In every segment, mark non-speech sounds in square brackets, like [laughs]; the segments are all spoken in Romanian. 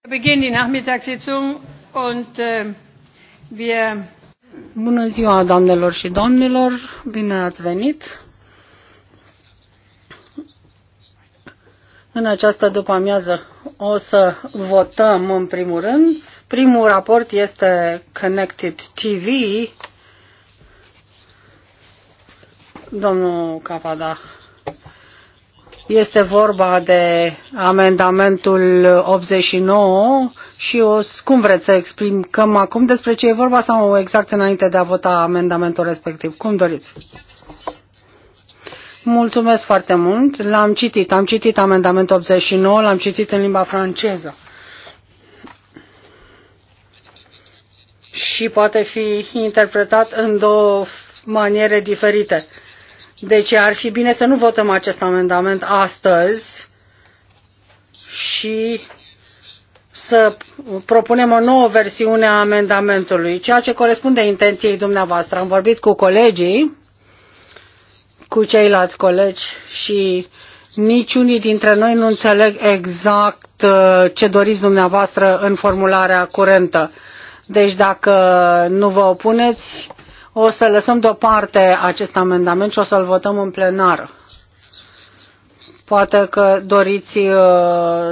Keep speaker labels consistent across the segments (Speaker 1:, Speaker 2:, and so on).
Speaker 1: Äh, Bună ziua, doamnelor și domnilor! Bine ați venit! În această după-amiază o să votăm în primul rând. Primul raport este Connected TV. Domnul Capada este vorba de amendamentul 89 și o, cum vreți să exprim acum despre ce e vorba sau exact înainte de a vota amendamentul respectiv? Cum doriți? Mulțumesc foarte mult. L-am citit. Am citit amendamentul 89, l-am citit în limba franceză. Și poate fi interpretat în două maniere diferite deci ar fi bine să nu votăm acest amendament astăzi și să propunem o nouă versiune a amendamentului, ceea ce corespunde intenției dumneavoastră. Am vorbit cu colegii, cu ceilalți colegi și niciunii dintre noi nu înțeleg exact uh, ce doriți dumneavoastră în formularea curentă. Deci dacă nu vă opuneți, o să lăsăm deoparte acest amendament și o să-l votăm în plenar. Poate că doriți uh,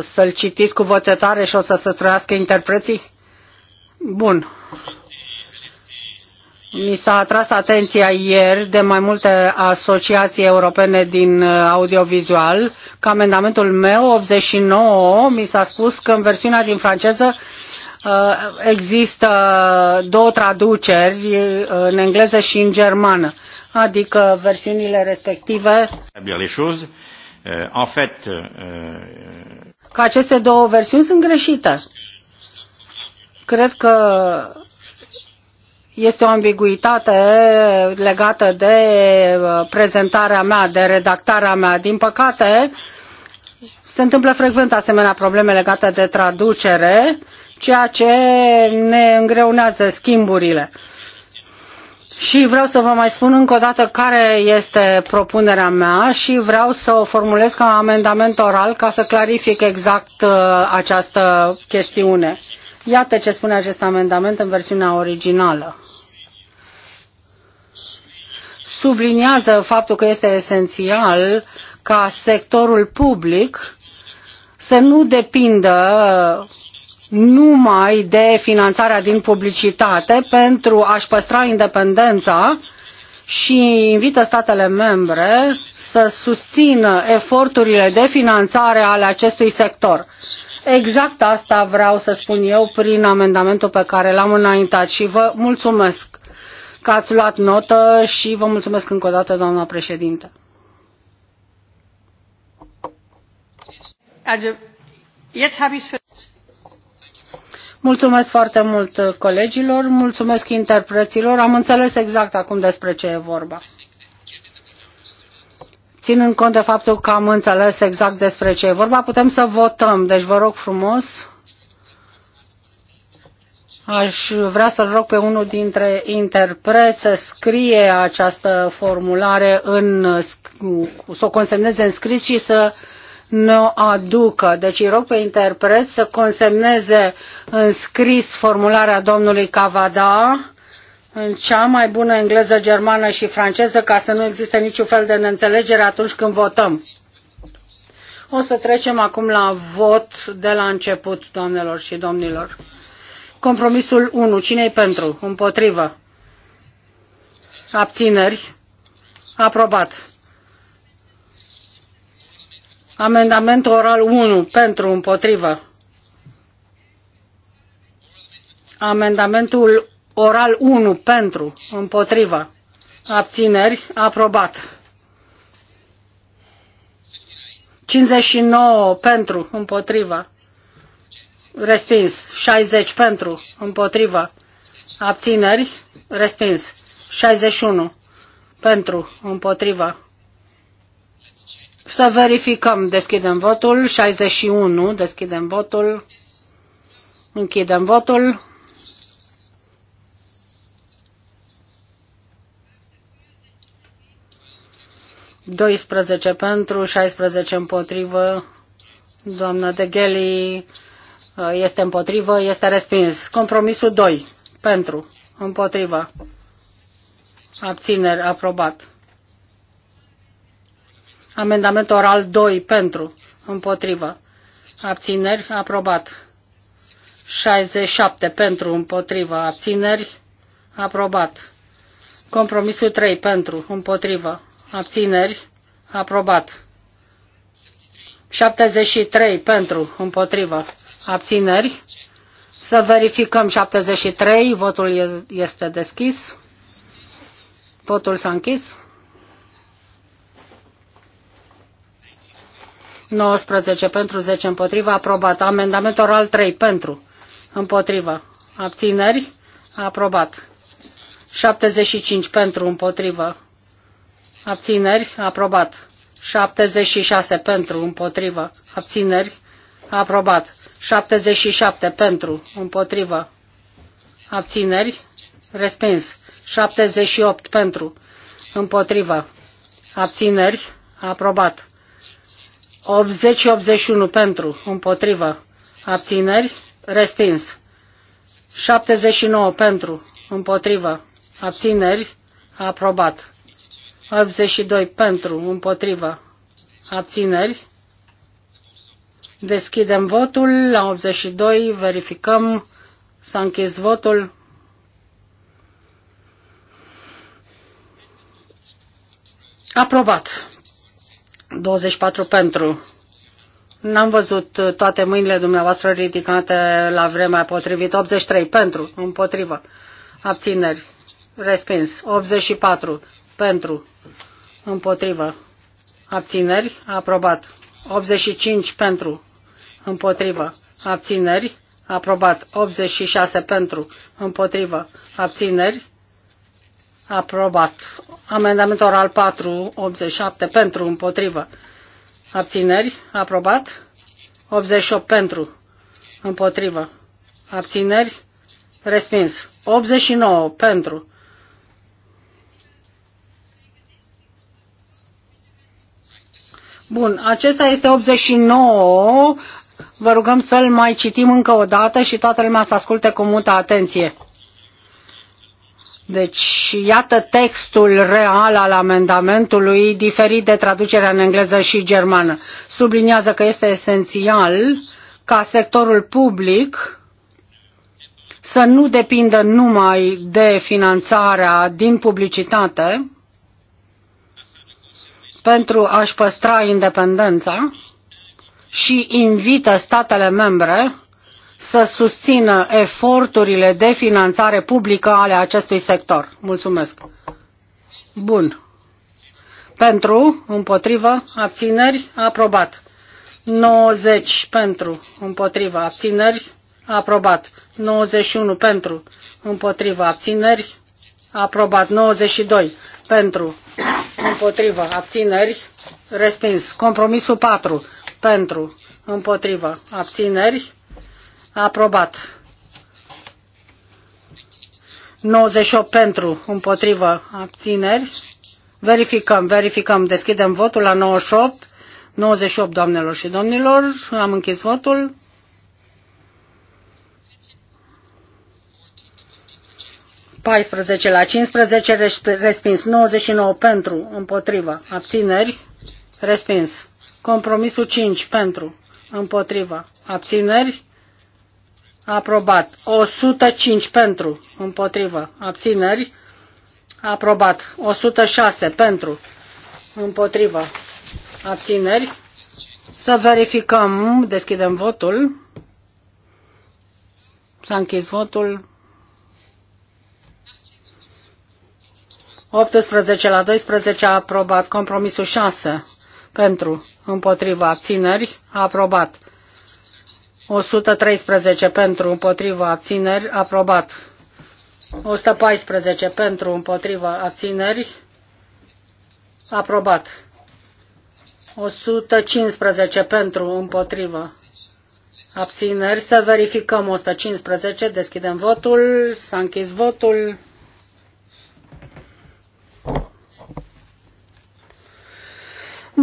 Speaker 1: să-l citiți cu voce tare și o să se trăiască interpreții? Bun. Mi s-a atras atenția ieri de mai multe asociații europene din uh, audiovizual că amendamentul meu 89 mi s-a spus că în versiunea din franceză Uh, există două traduceri uh, în engleză și în germană, adică versiunile respective. Uh, că aceste două versiuni sunt greșite. Cred că este o ambiguitate legată de prezentarea mea, de redactarea mea. Din păcate, se întâmplă frecvent asemenea probleme legate de traducere ceea ce ne îngreunează schimburile. Și vreau să vă mai spun încă o dată care este propunerea mea și vreau să o formulez ca amendament oral ca să clarific exact uh, această chestiune. Iată ce spune acest amendament în versiunea originală. Subliniază faptul că este esențial ca sectorul public să nu depindă numai de finanțarea din publicitate pentru a-și păstra independența și invită statele membre să susțină eforturile de finanțare ale acestui sector. Exact asta vreau să spun eu prin amendamentul pe care l-am înaintat și vă mulțumesc că ați luat notă și vă mulțumesc încă o dată, doamna președinte. Mulțumesc foarte mult uh, colegilor, mulțumesc interpreților. Am înțeles exact acum despre ce e vorba. Ținând cont de faptul că am înțeles exact despre ce e vorba, putem să votăm. Deci vă rog frumos, aș vrea să-l rog pe unul dintre interpreți să scrie această formulare, în, să o consemneze în scris și să ne aducă. Deci îi rog pe interpret să consemneze în scris formularea domnului Cavada în cea mai bună engleză, germană și franceză ca să nu existe niciun fel de neînțelegere atunci când votăm. O să trecem acum la vot de la început, doamnelor și domnilor. Compromisul 1. cine e pentru? Împotrivă? Abțineri? Aprobat. Amendamentul oral 1 pentru împotrivă. Amendamentul oral 1 pentru împotrivă. Abțineri aprobat. 59 pentru împotrivă. Respins. 60 pentru împotrivă. Abțineri. Respins. 61 pentru împotrivă. Să verificăm. Deschidem votul. 61. Deschidem votul. Închidem votul. Doisprezece pentru, 16 împotrivă. Doamna de Gheli uh, este împotrivă, este respins. Compromisul 2. Pentru. Împotrivă. Abțineri. Aprobat. Amendament oral 2 pentru, împotrivă. Abțineri, aprobat. 67 pentru, împotrivă. Abțineri, aprobat. Compromisul 3 pentru, împotrivă. Abțineri, aprobat. 73 pentru, împotrivă. Abțineri. Să verificăm 73. Votul este deschis. Votul s-a închis. 19 pentru 10 împotriva, aprobat. Amendamentul oral 3 pentru, împotriva. Abțineri, aprobat. 75 pentru, împotriva. Abțineri, aprobat. 76 pentru, împotriva. Abțineri, aprobat. 77 pentru, împotriva. Abțineri, respins. 78 pentru, împotriva. Abțineri, aprobat. 80 81 pentru, împotrivă, abțineri, respins. 79 pentru, împotrivă, abțineri, aprobat. 82 pentru, împotrivă, abțineri. Deschidem votul la 82, verificăm, s-a închis votul. Aprobat. 24 pentru. N-am văzut toate mâinile dumneavoastră ridicate la vremea potrivită. 83 pentru, împotrivă. Abțineri. Respins. 84 pentru, împotrivă. Abțineri. Aprobat. 85 pentru, împotrivă. Abțineri. Aprobat. 86 pentru, împotrivă. Abțineri. Aprobat. Amendament oral 487 pentru, împotrivă. Abțineri. Aprobat. 88 pentru, împotrivă. Abțineri. Respins. 89 pentru. Bun, acesta este 89. Vă rugăm să-l mai citim încă o dată și toată lumea să asculte cu multă atenție. Deci, iată textul real al amendamentului, diferit de traducerea în engleză și germană. Subliniază că este esențial ca sectorul public să nu depindă numai de finanțarea din publicitate pentru a-și păstra independența și invită statele membre să susțină eforturile de finanțare publică ale acestui sector. Mulțumesc. Bun. Pentru, împotrivă, abțineri, aprobat. 90 pentru, împotrivă, abțineri, aprobat. 91 pentru, împotrivă, abțineri, aprobat. 92 pentru, împotrivă, abțineri, respins. Compromisul 4 pentru, împotrivă, abțineri, Aprobat. 98 pentru, împotrivă, abțineri. Verificăm, verificăm, deschidem votul la 98. 98, doamnelor și domnilor, am închis votul. 14 la 15, respins. 99 pentru, împotrivă, abțineri, respins. Compromisul 5 pentru, împotrivă, abțineri, Aprobat. 105 pentru. Împotrivă. Abțineri. Aprobat. 106 pentru. Împotrivă. Abțineri. Să verificăm. Deschidem votul. S-a închis votul. 18 la 12 a aprobat. Compromisul 6 pentru. Împotriva abțineri. A aprobat. 113 pentru împotriva abțineri, aprobat. 114 pentru împotriva abțineri, aprobat. 115 pentru împotriva abțineri. Să verificăm 115, deschidem votul, s-a închis votul.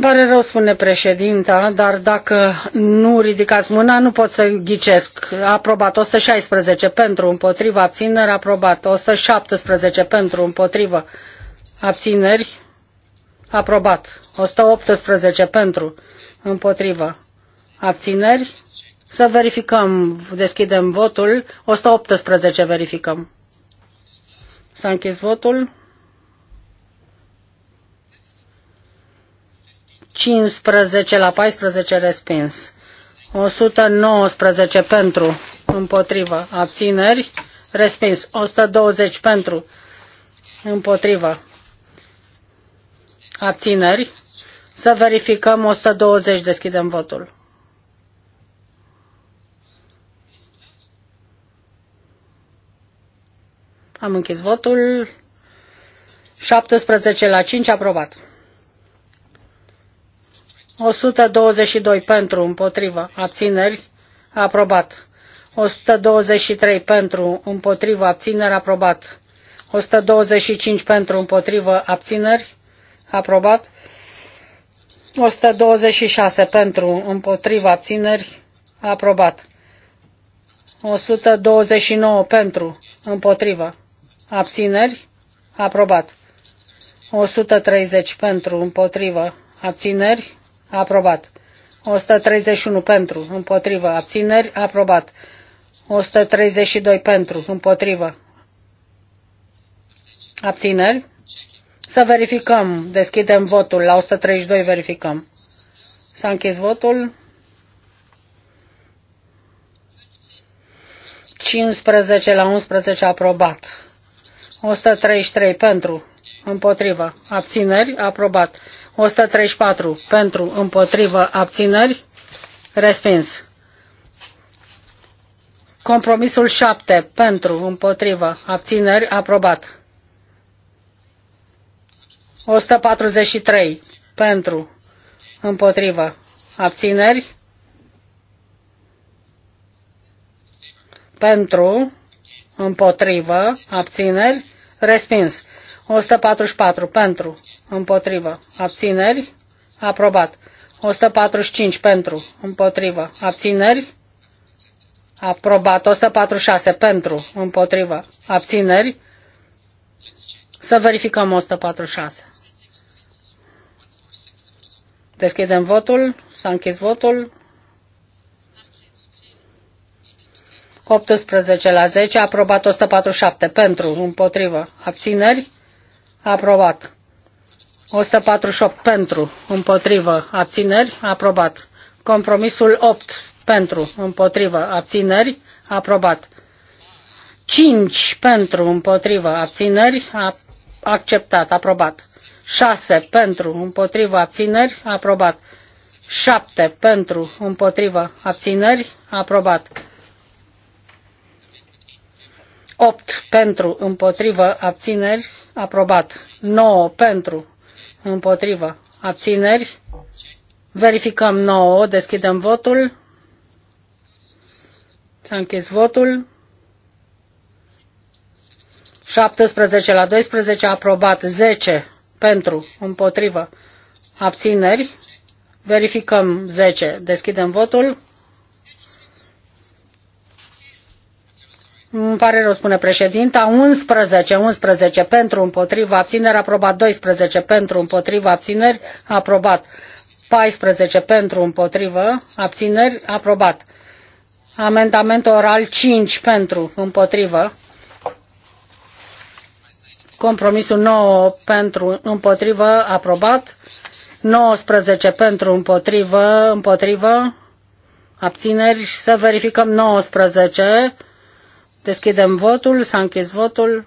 Speaker 1: pare rău, spune președinta, dar dacă nu ridicați mâna, nu pot să ghicesc. Aprobat 116 pentru, împotriva, abțineri, aprobat 117 pentru, împotriva, abțineri, aprobat 118 pentru, împotriva, abțineri. Să verificăm, deschidem votul, 118 verificăm. S-a închis votul. 15 la 14 respins. 119 pentru, împotriva, abțineri, respins. 120 pentru, împotriva, abțineri. Să verificăm 120, deschidem votul. Am închis votul. 17 la 5, aprobat. 122 pentru, împotriva, abțineri, aprobat. 123 pentru, împotriva, abțineri, aprobat. 125 pentru, împotriva, abțineri, aprobat. 126 pentru, împotriva, abțineri, aprobat. 129 pentru, împotriva, abțineri, aprobat. 130 pentru, împotriva, abțineri, aprobat. 131 pentru, împotrivă, abțineri, aprobat. 132 pentru, împotrivă, abțineri. Să verificăm, deschidem votul, la 132 verificăm. S-a închis votul. 15 la 11 aprobat. 133 pentru, împotrivă, abțineri, aprobat. 134 pentru, împotrivă, abțineri, respins. Compromisul 7 pentru, împotrivă, abțineri, aprobat. 143 pentru, împotrivă, abțineri, pentru, împotrivă, abțineri, respins. 144 pentru, împotrivă, abțineri, aprobat. 145 pentru, împotrivă, abțineri, aprobat. 146 pentru, împotrivă, abțineri. Să verificăm 146. Deschidem votul, s-a închis votul. 18 la 10, aprobat 147 pentru, împotrivă, abțineri aprobat. 148 pentru, împotrivă, abțineri, aprobat. Compromisul 8 pentru, împotrivă, abțineri, aprobat. 5 pentru, împotrivă, abțineri, a, acceptat, aprobat. 6 pentru, împotrivă, abțineri, aprobat. 7 pentru, împotrivă, abțineri, aprobat. 8 pentru, împotrivă, abțineri, Aprobat. 9 pentru. Împotrivă. Abțineri. Verificăm 9. Deschidem votul. S-a închis votul. 17 la 12. Aprobat. 10 pentru. Împotrivă. Abțineri. Verificăm 10. Deschidem votul. Îmi pare rău, spune președinta, 11, 11 pentru împotriva abțineri, aprobat 12 pentru împotriva abțineri, aprobat 14 pentru împotrivă, abțineri, aprobat. Amendament oral 5 pentru împotrivă, compromisul 9 pentru împotrivă, aprobat, 19 pentru împotrivă, împotrivă, abțineri, să verificăm 19 Deschidem votul, s-a închis votul.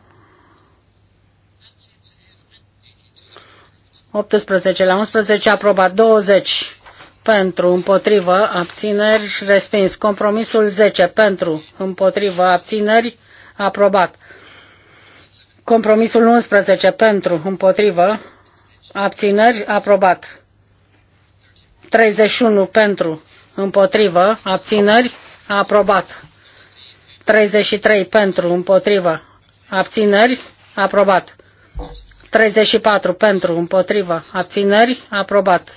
Speaker 1: 18 la 11, aprobat 20 pentru, împotrivă, abțineri, respins. Compromisul 10 pentru, împotrivă, abțineri, aprobat. Compromisul 11 pentru, împotrivă, abțineri, aprobat. 31 pentru, împotrivă, abțineri, aprobat. 33 pentru, împotriva, abțineri, aprobat. 34 pentru, împotriva, abțineri, aprobat.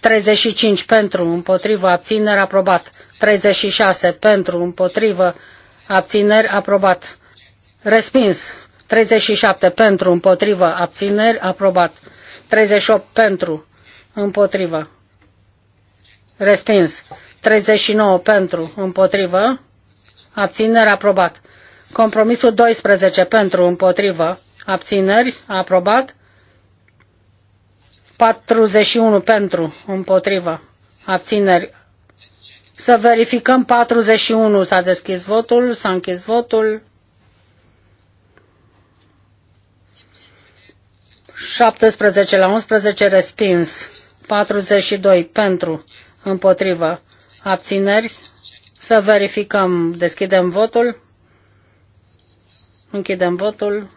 Speaker 1: 35 pentru, împotriva, abțineri, aprobat. 36 pentru, împotriva, abțineri, aprobat. Respins. 37 pentru, împotriva, abțineri, aprobat. 38 pentru, împotriva. Respins. 39 pentru, împotrivă abțineri aprobat. Compromisul 12 pentru împotrivă, abțineri aprobat. 41 pentru împotrivă, abțineri. Să verificăm 41. S-a deschis votul, s-a închis votul. 17 la 11 respins. 42 pentru împotrivă, abțineri să verificăm. Deschidem votul. Închidem votul.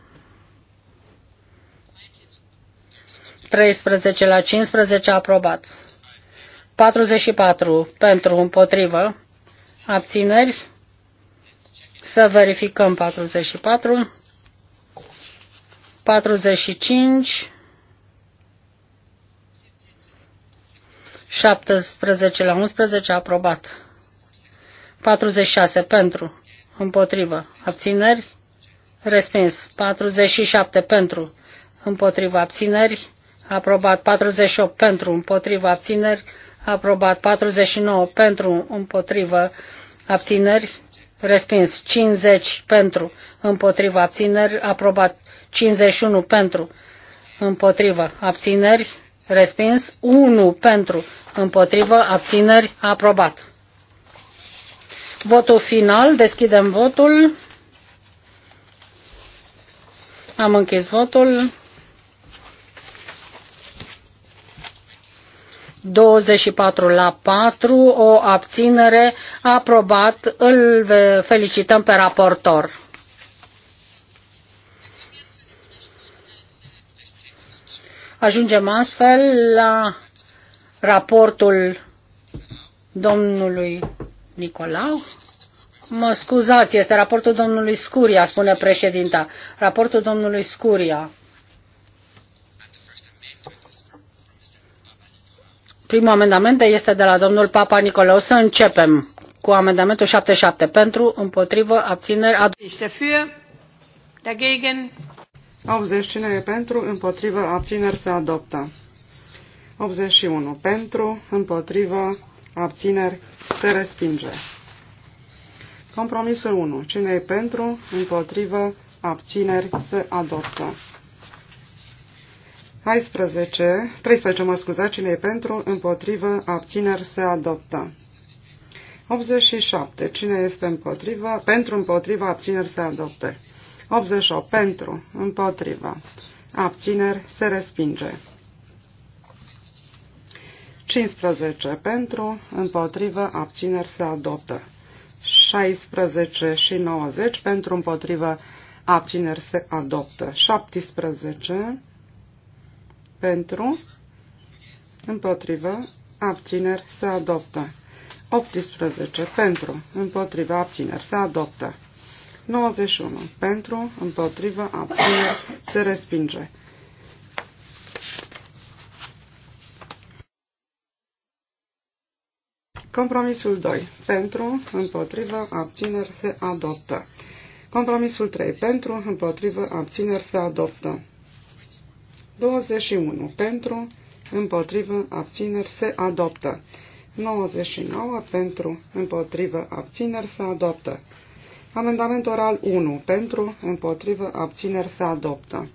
Speaker 1: 13 la 15 aprobat. 44 pentru împotrivă. Abțineri. Să verificăm 44. 45. 17 la 11 aprobat. 46 pentru, împotrivă, abțineri, respins. 47 pentru, împotrivă, abțineri, aprobat. 48 pentru, împotrivă, abțineri, aprobat. 49 pentru, împotrivă, abțineri, respins. 50 pentru, împotrivă, abțineri, aprobat. 51 pentru, împotrivă, abțineri, respins. 1 pentru, împotrivă, abțineri, aprobat. Votul final, deschidem votul. Am închis votul. 24 la 4, o abținere, aprobat, îl felicităm pe raportor. Ajungem astfel la raportul domnului Nicolau. Mă scuzați, este raportul domnului Scuria, spune președinta. Raportul domnului Scuria. Primul amendament este de la domnul Papa Nicolau. Să începem cu amendamentul 77. Pentru, împotrivă, abțineri, adoptă.
Speaker 2: 80. Cine e pentru, împotrivă, abțineri, se adoptă. 81. Pentru, împotrivă, abțineri, se respinge. Compromisul 1. Cine e pentru, împotrivă, abțineri, se adoptă. 14, 13, mă scuza, cine e pentru, împotrivă, abțineri, se adoptă. 87. Cine este împotrivă? Pentru, împotrivă, abțineri, se adoptă. 88. Pentru, împotrivă, abțineri, se respinge. 15. Pentru, împotrivă, abțineri, se adoptă. 16 și 90 pentru împotriva abțineri se adoptă. 17 pentru împotriva abțineri se adoptă. 18 pentru împotriva abțineri se adoptă. 91 pentru împotriva abțineri se respinge. Compromisul 2. Pentru, împotrivă, abțineri se adoptă. Compromisul 3. Pentru, împotrivă, abțineri se adoptă. 21. Pentru, împotrivă, abțineri se adoptă. 99. Pentru, împotrivă, abțineri se adoptă. Amendament oral 1. Pentru, împotrivă, abțineri se adoptă.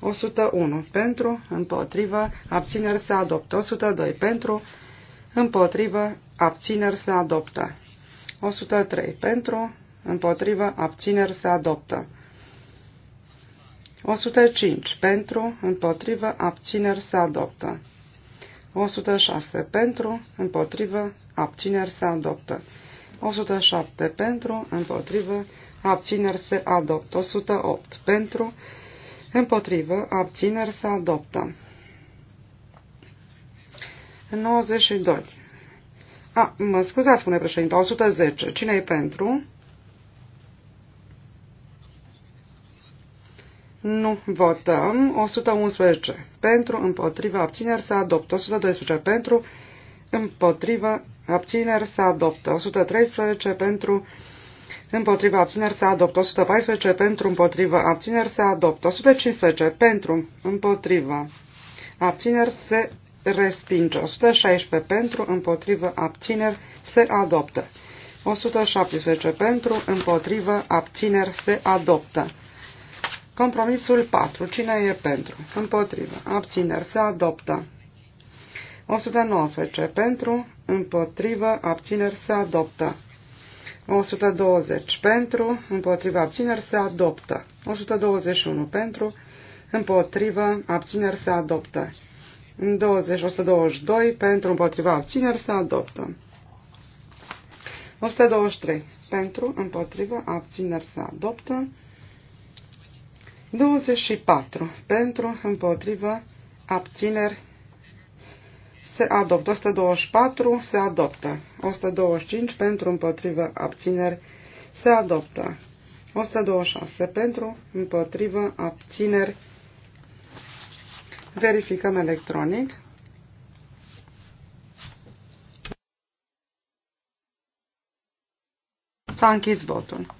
Speaker 2: 101. Pentru, împotrivă, abțineri se adoptă. 102. Pentru, împotrivă, abțineri se adoptă. 103 pentru, împotrivă, abțineri se adoptă. 105 pentru, împotrivă, abțineri se adoptă. 106 pentru, împotrivă, abțineri se adoptă. 107 pentru, împotrivă, abțineri se adoptă. 108 pentru, împotrivă, abțineri se adoptă. 92 a, mă scuzați, spune președinte, 110. Cine e pentru? Nu votăm. 111. Pentru, împotriva, abțineri se adoptă. 112. Pentru, împotriva, abțineri se adoptă. 113. Pentru, împotriva, abțineri se adoptă. 114. Pentru, împotriva, abțineri se adoptă. 115. Pentru, împotriva, abțineri se respinge. 116 pentru, împotrivă, abțineri, se adoptă. 117 pentru, împotrivă, abțineri, se adoptă. Compromisul 4. Cine e pentru? Împotrivă. Abțineri. Se adoptă. 119. Pentru. Împotrivă. Abțineri. Se adoptă. 120. Pentru. Împotrivă. Abțineri. Se adoptă. 121. Pentru. Împotrivă. Abțineri. Se adoptă. 20, 122 pentru împotriva abțineri se adoptă. 123 pentru împotriva abțineri se adoptă. 24 pentru împotriva abțineri se adoptă. 124 se adoptă. 125 pentru împotriva abțineri se adoptă. 126 pentru împotriva abțineri se Verificăm electronic. S-a închis votul.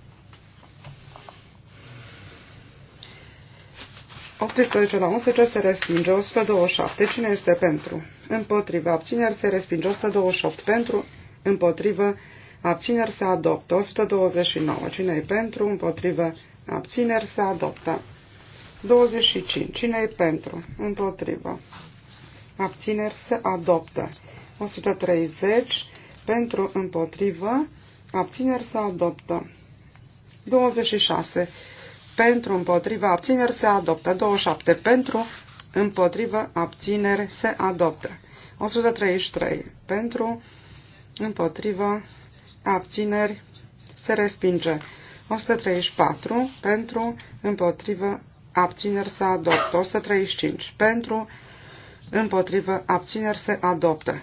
Speaker 2: 18 la 11 se respinge 127. Cine este pentru? Împotrivă. Abțineri se respinge 128. Pentru. Împotrivă. Abțineri se adoptă 129. Cine e pentru? Împotrivă. Abțineri se adoptă. 25. Cine e pentru? Împotrivă. Abțineri se adoptă. 130. Pentru împotrivă. Abțineri se adoptă. 26. Pentru împotrivă. Abțineri se adoptă. 27. Pentru împotrivă. Abțineri se adoptă. 133. Pentru împotrivă. Abțineri se respinge. 134. Pentru împotrivă abțineri se adoptă. 135 pentru, împotrivă, abțineri se adoptă.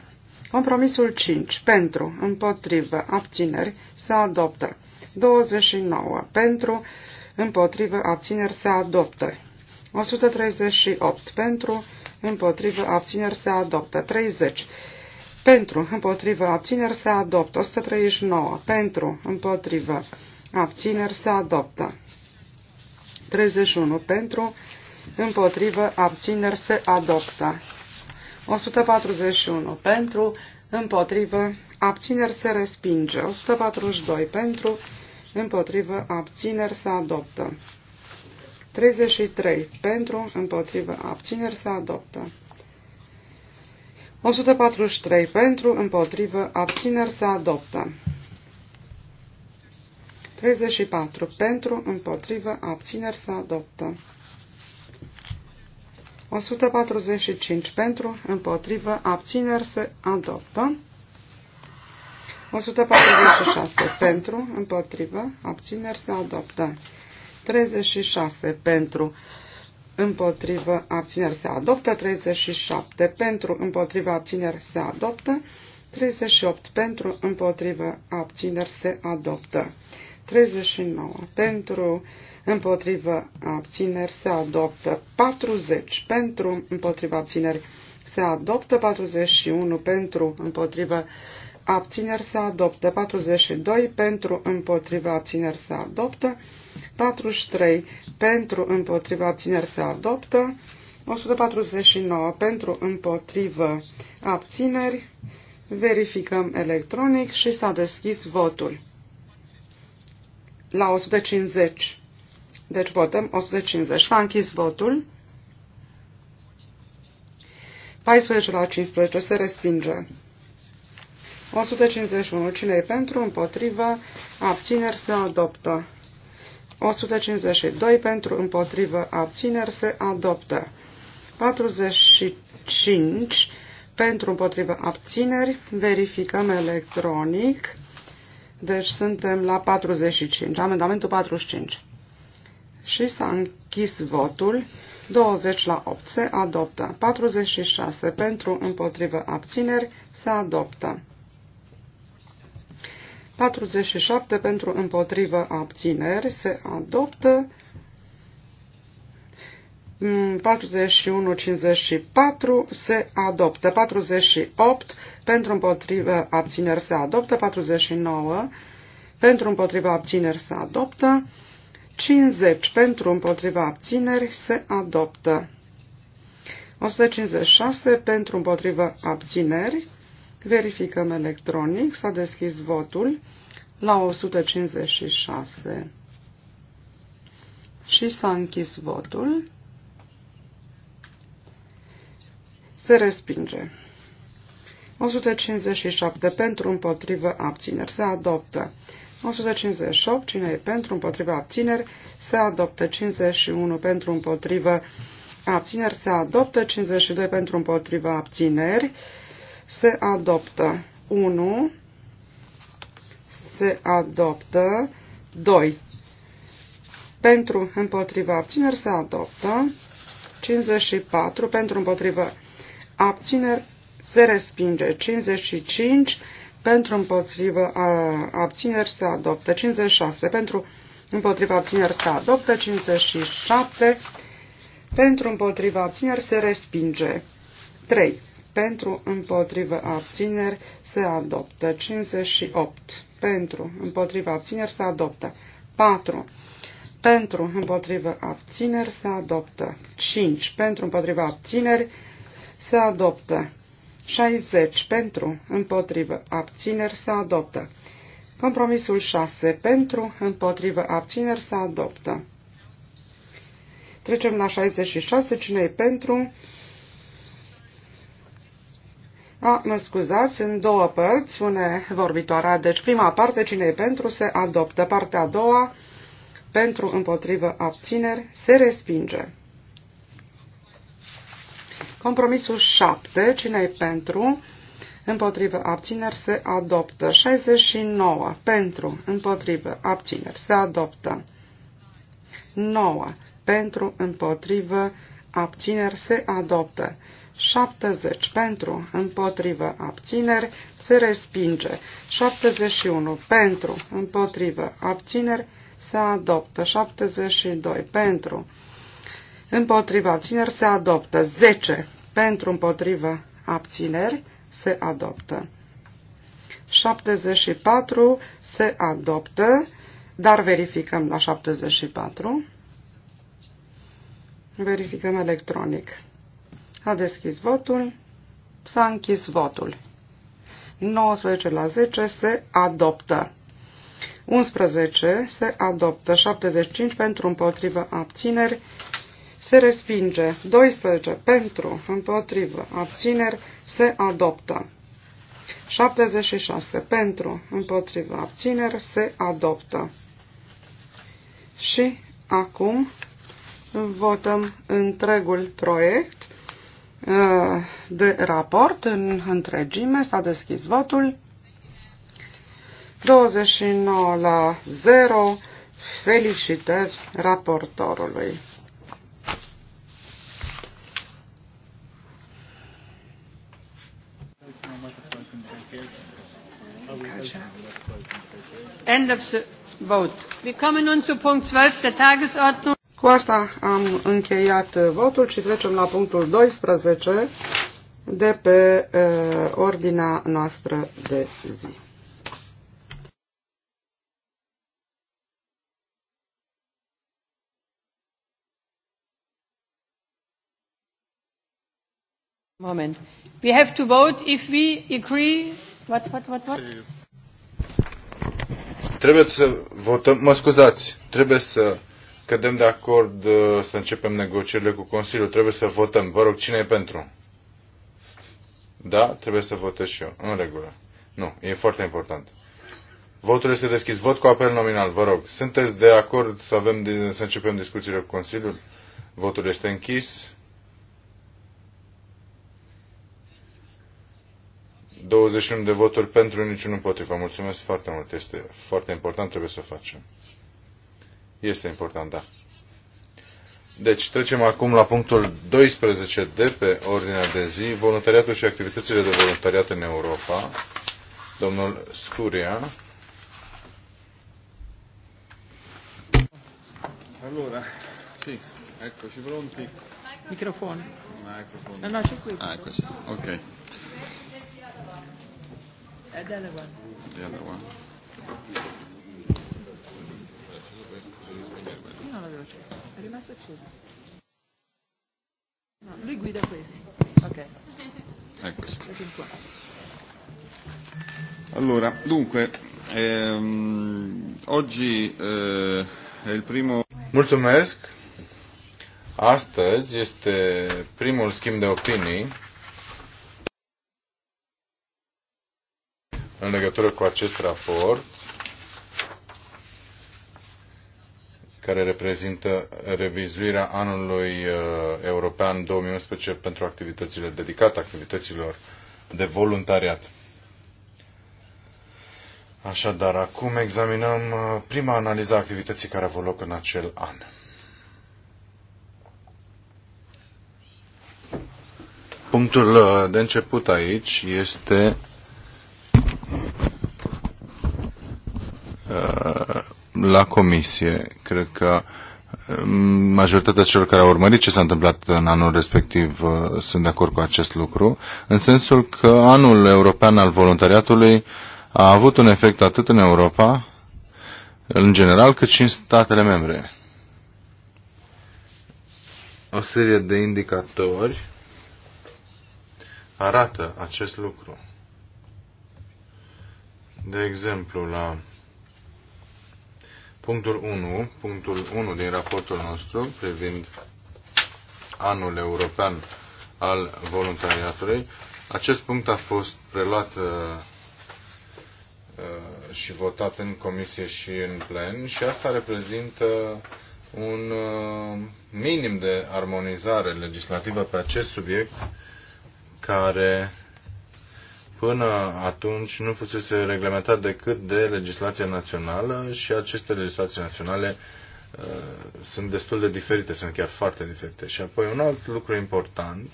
Speaker 2: Compromisul 5 pentru, împotrivă, abțineri se adoptă. 29 pentru, împotrivă, abțineri se adoptă. 138 pentru, împotrivă, abțineri se adoptă. 30 pentru, împotrivă, abțineri se adoptă. 139 pentru, împotrivă, abțineri se adoptă. 31 pentru, împotrivă, abțineri se adoptă. 141 pentru, împotrivă, abțineri se respinge. 142 pentru, împotrivă, abțineri se adoptă. 33 pentru, împotrivă, abțineri se adoptă. 143 pentru, împotrivă, abțineri se adoptă. 34. Pentru, împotrivă, abțineri se adoptă. 145. Pentru, împotrivă, abțineri se adoptă. 146. Pentru, împotrivă, abțineri se adoptă. 36. Pentru, împotrivă, abțineri se adoptă. 37. Pentru, împotrivă, abțineri se adoptă. 38. Pentru, împotrivă, abțineri se adoptă. 39 pentru, împotrivă abțineri se adoptă 40 pentru, împotrivă abțineri se adoptă 41 pentru, împotrivă abțineri se adoptă 42 pentru, împotrivă abțineri se adoptă 43 pentru, împotrivă abțineri se adoptă 149 pentru, împotrivă abțineri verificăm electronic și s-a deschis votul la 150. Deci votăm 150. S-a închis votul. 14 la 15 se respinge. 151. Cine e pentru? Împotrivă. Abțineri se adoptă. 152 pentru împotrivă abțineri se adoptă. 45 pentru împotrivă abțineri verificăm electronic. Deci suntem la 45, amendamentul 45. Și s-a închis votul. 20 la 8 se adoptă. 46 pentru împotrivă abțineri se adoptă. 47 pentru împotrivă abțineri se adoptă. 41-54 mm, se adoptă. 48 pentru împotrivă abțineri se adoptă. 49 pentru împotrivă abțineri se adoptă. 50 pentru împotriva abțineri se adoptă. 156 pentru împotriva abțineri. Verificăm electronic. S-a deschis votul la 156. Și s-a închis votul. Se respinge. 157 pentru, împotrivă, abțineri. Se adoptă. 158, cine e pentru, împotrivă, abțineri. Se adoptă. 51 pentru, împotrivă, abțineri. Se adoptă. 52 pentru, împotrivă, abțineri. Se adoptă. 1. Se adoptă. 2. Pentru împotriva abțineri se adoptă. 54 pentru împotriva abțineri se respinge. 55 pentru împotrivă abțineri se adoptă. 56 pentru împotriva abțineri se adoptă. 57 pentru împotriva abțineri se respinge. 3. Pentru împotriva abțineri se adoptă. 58. Pentru împotriva abțineri se adoptă. 4. Pentru împotriva abțineri se adoptă. 5. Pentru împotriva abțineri se se adoptă. 60 pentru, împotrivă, abțineri se adoptă. Compromisul 6 pentru, împotrivă, abțineri se adoptă. Trecem la 66, cine e pentru? A, mă scuzați, în două părți, une vorbitoarea. Deci prima parte, cine e pentru, se adoptă. Partea a doua, pentru, împotrivă, abțineri, se respinge. Compromisul 7. Cine e pentru? Împotrivă abțineri se adoptă. 69. Pentru. Împotrivă abțineri se adoptă. 9. Pentru. Împotrivă abțineri se adoptă. 70 pentru, împotrivă, abțineri, se respinge. 71 pentru, împotrivă, abțineri, se adoptă. 72 pentru, împotriva abțineri se adoptă. 10 pentru împotriva abțineri se adoptă. 74 se adoptă, dar verificăm la 74. Verificăm electronic. A deschis votul, s-a închis votul. 19 la 10 se adoptă. 11 se adoptă, 75 pentru împotrivă abțineri se respinge. 12 pentru, împotrivă, abțineri, se adoptă. 76 pentru, împotrivă, abțineri, se adoptă. Și acum votăm întregul proiect uh, de raport în întregime. S-a deschis votul. 29 la 0. Felicitări raportorului. Cu asta am încheiat uh, votul și trecem la punctul 12 de pe uh, ordinea noastră de zi.
Speaker 3: Moment.
Speaker 1: We have to vote if we agree. What, what, what, what?
Speaker 3: Trebuie să votăm, mă scuzați, trebuie să cădem de acord uh, să începem negocierile cu Consiliul. Trebuie să votăm. Vă rog, cine e pentru? Da? Trebuie să votez și eu. În regulă. Nu, e foarte important. Votul este deschis. Vot cu apel nominal, vă rog. Sunteți de acord să, avem, să începem discuțiile cu Consiliul? Votul este închis. 21 de voturi pentru, niciunul împotrivă. Mulțumesc foarte mult. Este foarte important, trebuie să facem. Este important, da. Deci trecem acum la punctul 12 de pe ordinea de zi, voluntariatul și activitățile de voluntariat în Europa. Domnul Scuria. Allora, sì, eccoci pronti.
Speaker 2: Microfono. Microfono. No, no, c'è qui. Ah, Ok.
Speaker 3: The other one. The other one. Io non l'avevo acceso, è rimasto
Speaker 1: acceso. No, lui guida questo. Ok. È questo.
Speaker 3: Allora, dunque, ehm, oggi eh, è il primo... Mulțumesc! Astăzi este primul schimb de opinii în legătură cu acest raport, care reprezintă revizuirea anului uh, european 2011 pentru activitățile dedicate activităților de voluntariat. Așadar, acum examinăm uh, prima analiză a activității care a avut loc în acel an. Punctul uh, de început aici este la comisie. Cred că um, majoritatea celor care au urmărit ce s-a întâmplat în anul respectiv uh, sunt de acord cu acest lucru, în sensul că anul european al voluntariatului a avut un efect atât în Europa, în general, cât și în statele membre. O serie de indicatori arată acest lucru. De exemplu, la Punctul 1, punctul 1 din raportul nostru privind anul european al voluntariatului. Acest punct a fost preluat uh, uh, și votat în comisie și în plen și asta reprezintă un uh, minim de armonizare legislativă pe acest subiect care până atunci nu fusese reglementat decât de legislația națională și aceste legislații naționale uh, sunt destul de diferite, sunt chiar foarte diferite. Și apoi un alt lucru important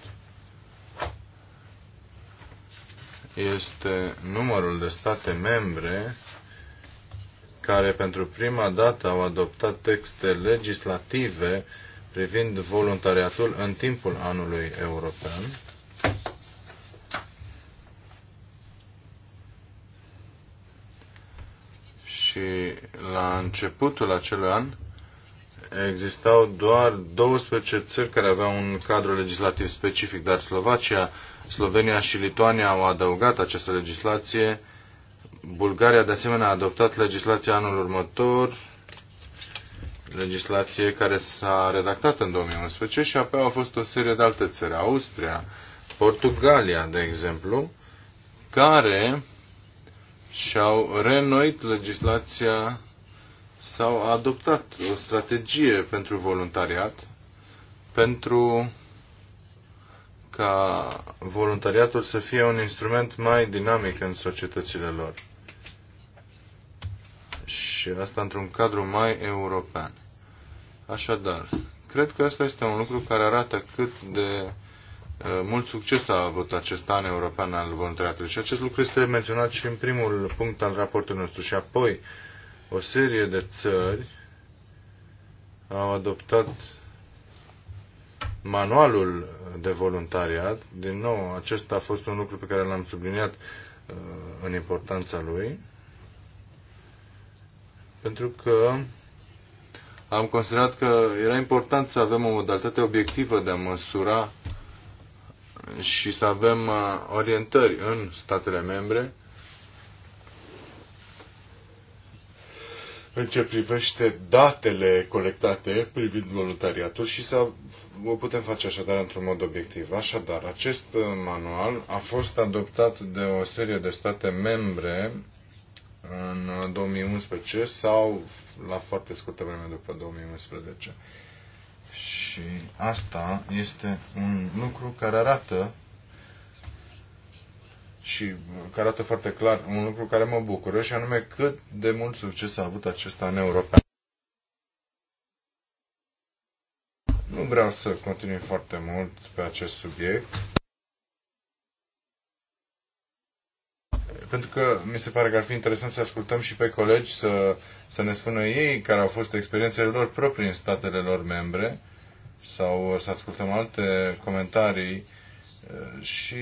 Speaker 3: este numărul de state membre care pentru prima dată au adoptat texte legislative privind voluntariatul în timpul anului european și la începutul acelui an existau doar 12 țări care aveau un cadru legislativ specific, dar Slovacia, Slovenia și Lituania au adăugat această legislație. Bulgaria, de asemenea, a adoptat legislația anul următor, legislație care s-a redactat în 2011 și apoi au fost o serie de alte țări, Austria, Portugalia, de exemplu, care și au reînnoit legislația sau a adoptat o strategie pentru voluntariat pentru ca voluntariatul să fie un instrument mai dinamic în societățile lor. Și asta într-un cadru mai european. Așadar, cred că asta este un lucru care arată cât de Uh, mult succes a avut acest an european al voluntariatului și acest lucru este menționat și în primul punct al raportului nostru și apoi o serie de țări au adoptat manualul de voluntariat. Din nou, acesta a fost un lucru pe care l-am subliniat uh, în importanța lui, pentru că am considerat că era important să avem o modalitate obiectivă de a măsura și să avem uh, orientări în statele membre în ce privește datele colectate privind voluntariatul și să o putem face așadar într-un mod obiectiv. Așadar, acest uh, manual a fost adoptat de o serie de state membre în 2011 uh, sau la foarte scurtă vreme după 2011. Și asta este un lucru care arată și uh, care arată foarte clar un lucru care mă bucură și anume cât de mult succes a avut acesta în european. Nu vreau să continui foarte mult pe acest subiect. pentru că mi se pare că ar fi interesant să ascultăm și pe colegi să, să ne spună ei care au fost experiențele lor proprii în statele lor membre sau să ascultăm alte comentarii uh, și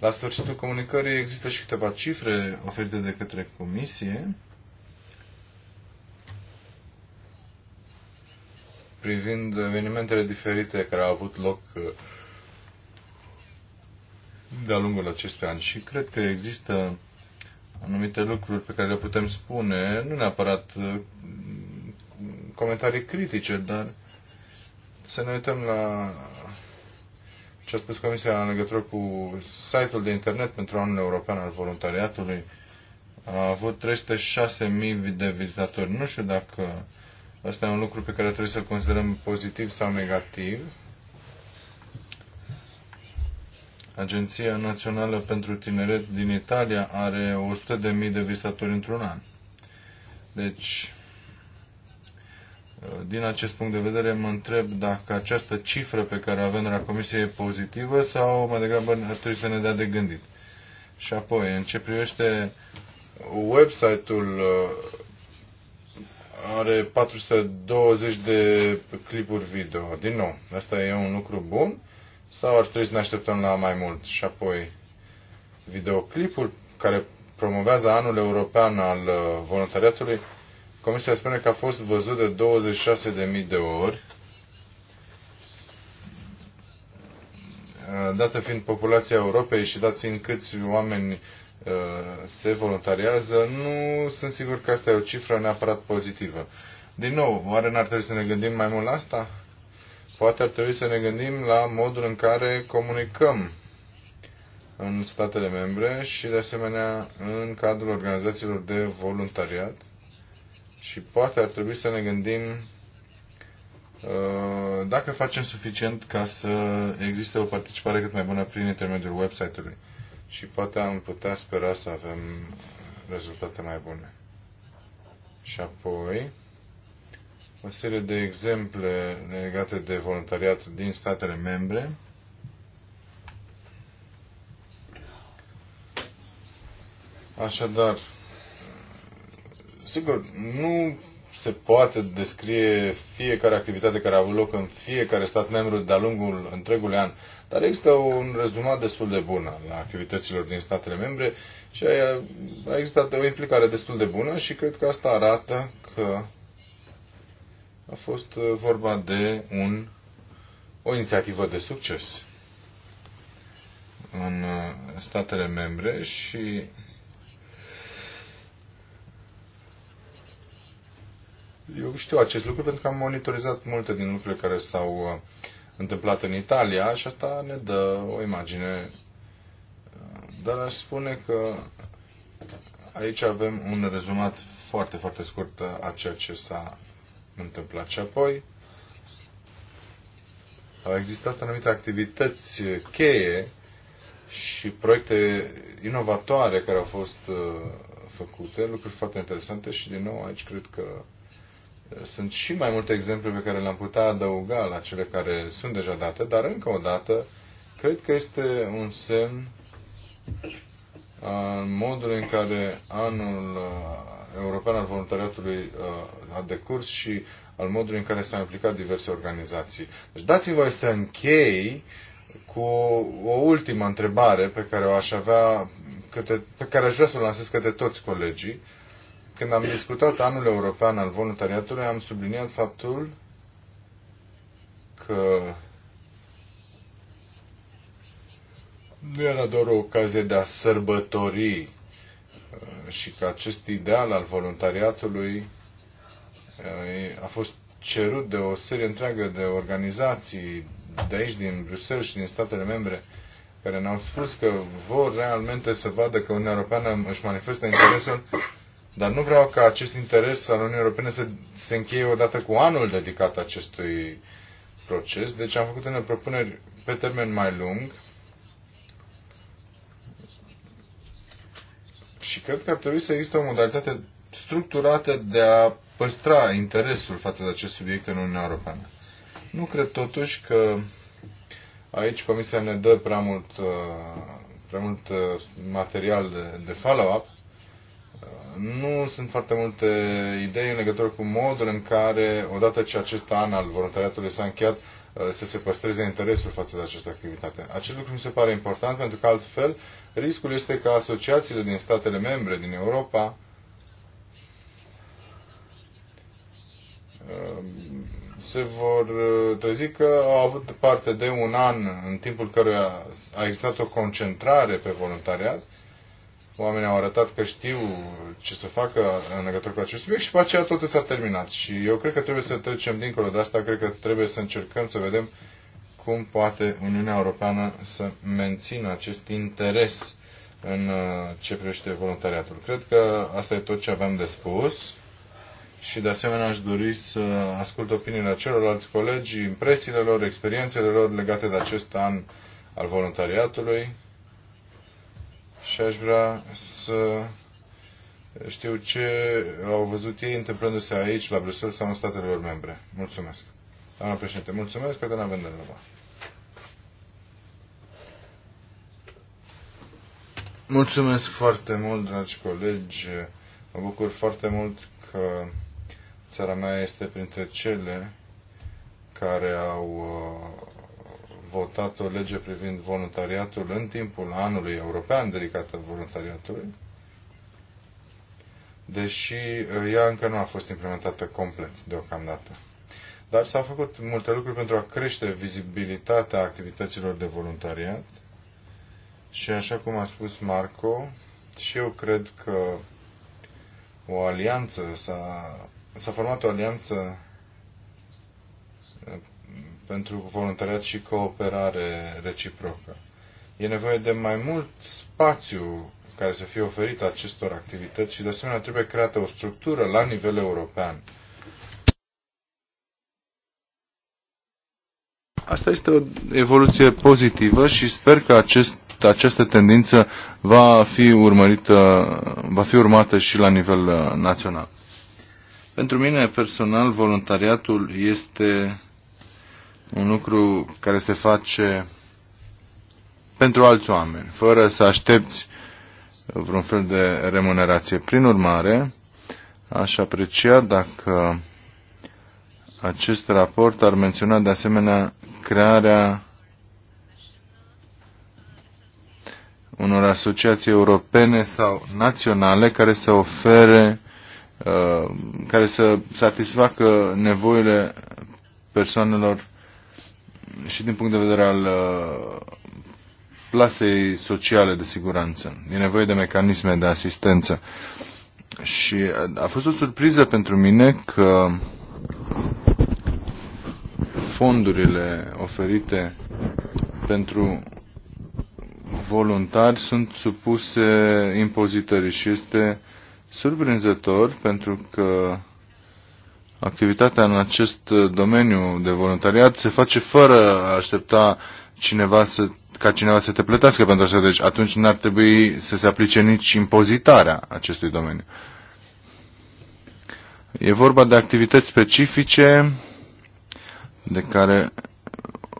Speaker 3: la sfârșitul comunicării există și câteva cifre oferite de către comisie privind evenimentele diferite care au avut loc uh, de-a lungul acestui an și cred că există anumite lucruri pe care le putem spune, nu neapărat uh, comentarii critice, dar să ne uităm la ce a spus Comisia în legătură cu site-ul de internet pentru anul european al voluntariatului. A avut 306.000 de vizitatori. Nu știu dacă ăsta e un lucru pe care trebuie să-l considerăm pozitiv sau negativ. Agenția Națională pentru Tineret din Italia are 100.000 de vizitatori într-un an. Deci, uh, din acest punct de vedere, mă întreb dacă această cifră pe care o avem de la Comisie e pozitivă sau mai degrabă ar trebui să ne dea de gândit. Și apoi, în ce privește website-ul, uh, are 420 de clipuri video. Din nou, asta e un lucru bun sau ar trebui să ne așteptăm la mai mult? Și apoi, videoclipul care promovează anul european al uh, voluntariatului, Comisia spune că a fost văzut de 26.000 de ori, uh, dată fiind populația Europei și dat fiind câți oameni uh, se voluntariază, nu sunt sigur că asta e o cifră neapărat pozitivă. Din nou, oare n-ar trebui să ne gândim mai mult la asta? Poate ar trebui să ne gândim la modul în care comunicăm în statele membre și, de asemenea, în cadrul organizațiilor de voluntariat. Și poate ar trebui să ne gândim uh, dacă facem suficient ca să existe o participare cât mai bună prin intermediul website-ului. Și poate am putea spera să avem rezultate mai bune. Și apoi, o serie de exemple legate de voluntariat din statele membre. Așadar, sigur, nu se poate descrie fiecare activitate care a avut loc în fiecare stat membru de-a lungul întregului an, dar există un rezumat destul de bun al activităților din statele membre și a existat o implicare destul de bună și cred că asta arată că a fost uh, vorba de un, o inițiativă de succes în uh, statele membre și eu știu acest lucru pentru că am monitorizat multe din lucrurile care s-au uh, întâmplat în Italia și asta ne dă o imagine. Dar aș spune că aici avem un rezumat foarte, foarte scurt a ceea ce s-a întâmplat. Și apoi au existat anumite activități cheie și proiecte inovatoare care au fost uh, făcute, lucruri foarte interesante și din nou aici cred că uh, sunt și mai multe exemple pe care le-am putea adăuga la cele care sunt deja date, dar încă o dată cred că este un semn al uh, modului în care anul European al Voluntariatului uh, a decurs și al modului în care s-au implicat diverse organizații. Deci dați-mi voie să închei cu o ultimă întrebare pe care o aș avea, către, pe care aș vrea să o lansez către toți colegii. Când am discutat anul european al voluntariatului, am subliniat faptul că nu era doar o ocazie de a sărbători Uh, și că acest ideal al voluntariatului uh, a fost cerut de o serie întreagă de organizații de aici, din Bruxelles și din statele membre, care ne-au spus că vor realmente să vadă că Uniunea Europeană își manifestă interesul, dar nu vreau ca acest interes al Uniunii Europene să se încheie odată cu anul dedicat acestui proces. Deci am făcut unele propuneri pe termen mai lung, și cred că ar trebui să existe o modalitate structurată de a păstra interesul față de acest subiect în Uniunea Europeană. Nu cred totuși că aici Comisia ne dă prea mult, uh, prea mult uh, material de, de follow-up. Uh, nu sunt foarte multe idei în legătură cu modul în care, odată ce acest an al voluntariatului s-a încheiat, să se păstreze interesul față de această activitate. Acest lucru mi se pare important pentru că altfel riscul este ca asociațiile din statele membre din Europa um, se vor uh, trezi că au avut parte de un an în timpul căruia a existat o concentrare pe voluntariat. Oamenii au arătat că știu ce să facă în legătură cu acest subiect și după aceea totul s-a terminat. Și eu cred că trebuie să trecem dincolo de asta, cred că trebuie să încercăm să vedem cum poate Uniunea Europeană să mențină acest interes în uh, ce privește voluntariatul. Cred că asta e tot ce aveam de spus și de asemenea aș dori să ascult opiniile celorlalți colegi, impresiile lor, experiențele lor legate de acest an al voluntariatului și aș vrea să știu ce au văzut ei întâmplându-se aici, la Bruxelles sau în statele lor membre. Mulțumesc! Doamna președinte, mulțumesc pe doamna Vendelova. Mulțumesc foarte mult, dragi colegi. Mă bucur foarte mult că țara mea este printre cele care au uh, votat o lege privind voluntariatul în timpul anului european dedicată voluntariatului, deși uh, ea încă nu a fost implementată complet deocamdată. Dar s a făcut multe lucruri pentru a crește vizibilitatea activităților de voluntariat și așa cum a spus Marco, și eu cred că o alianță s-a, s-a format o alianță eh, pentru voluntariat și cooperare reciprocă. E nevoie de mai mult spațiu care să fie oferit acestor activități și de asemenea trebuie creată o structură la nivel european Asta este o evoluție pozitivă și sper că acest, această tendință va fi urmărită, va fi urmată și la nivel uh, național. Pentru mine personal, voluntariatul este un lucru care se face pentru alți oameni, fără să aștepți vreun fel de remunerație. Prin urmare, aș aprecia dacă acest raport ar menționa de asemenea crearea unor asociații europene sau naționale care să ofere, uh, care să satisfacă nevoile persoanelor și din punct de vedere al uh, plasei sociale de siguranță. E nevoie de mecanisme de asistență. Și a fost o surpriză pentru mine că fondurile oferite pentru voluntari sunt supuse impozitării și este surprinzător pentru că activitatea în acest domeniu de voluntariat se face fără a aștepta cineva să, ca cineva să te plătească pentru asta. Deci atunci n-ar trebui să se aplice nici impozitarea acestui domeniu. E vorba de activități specifice de care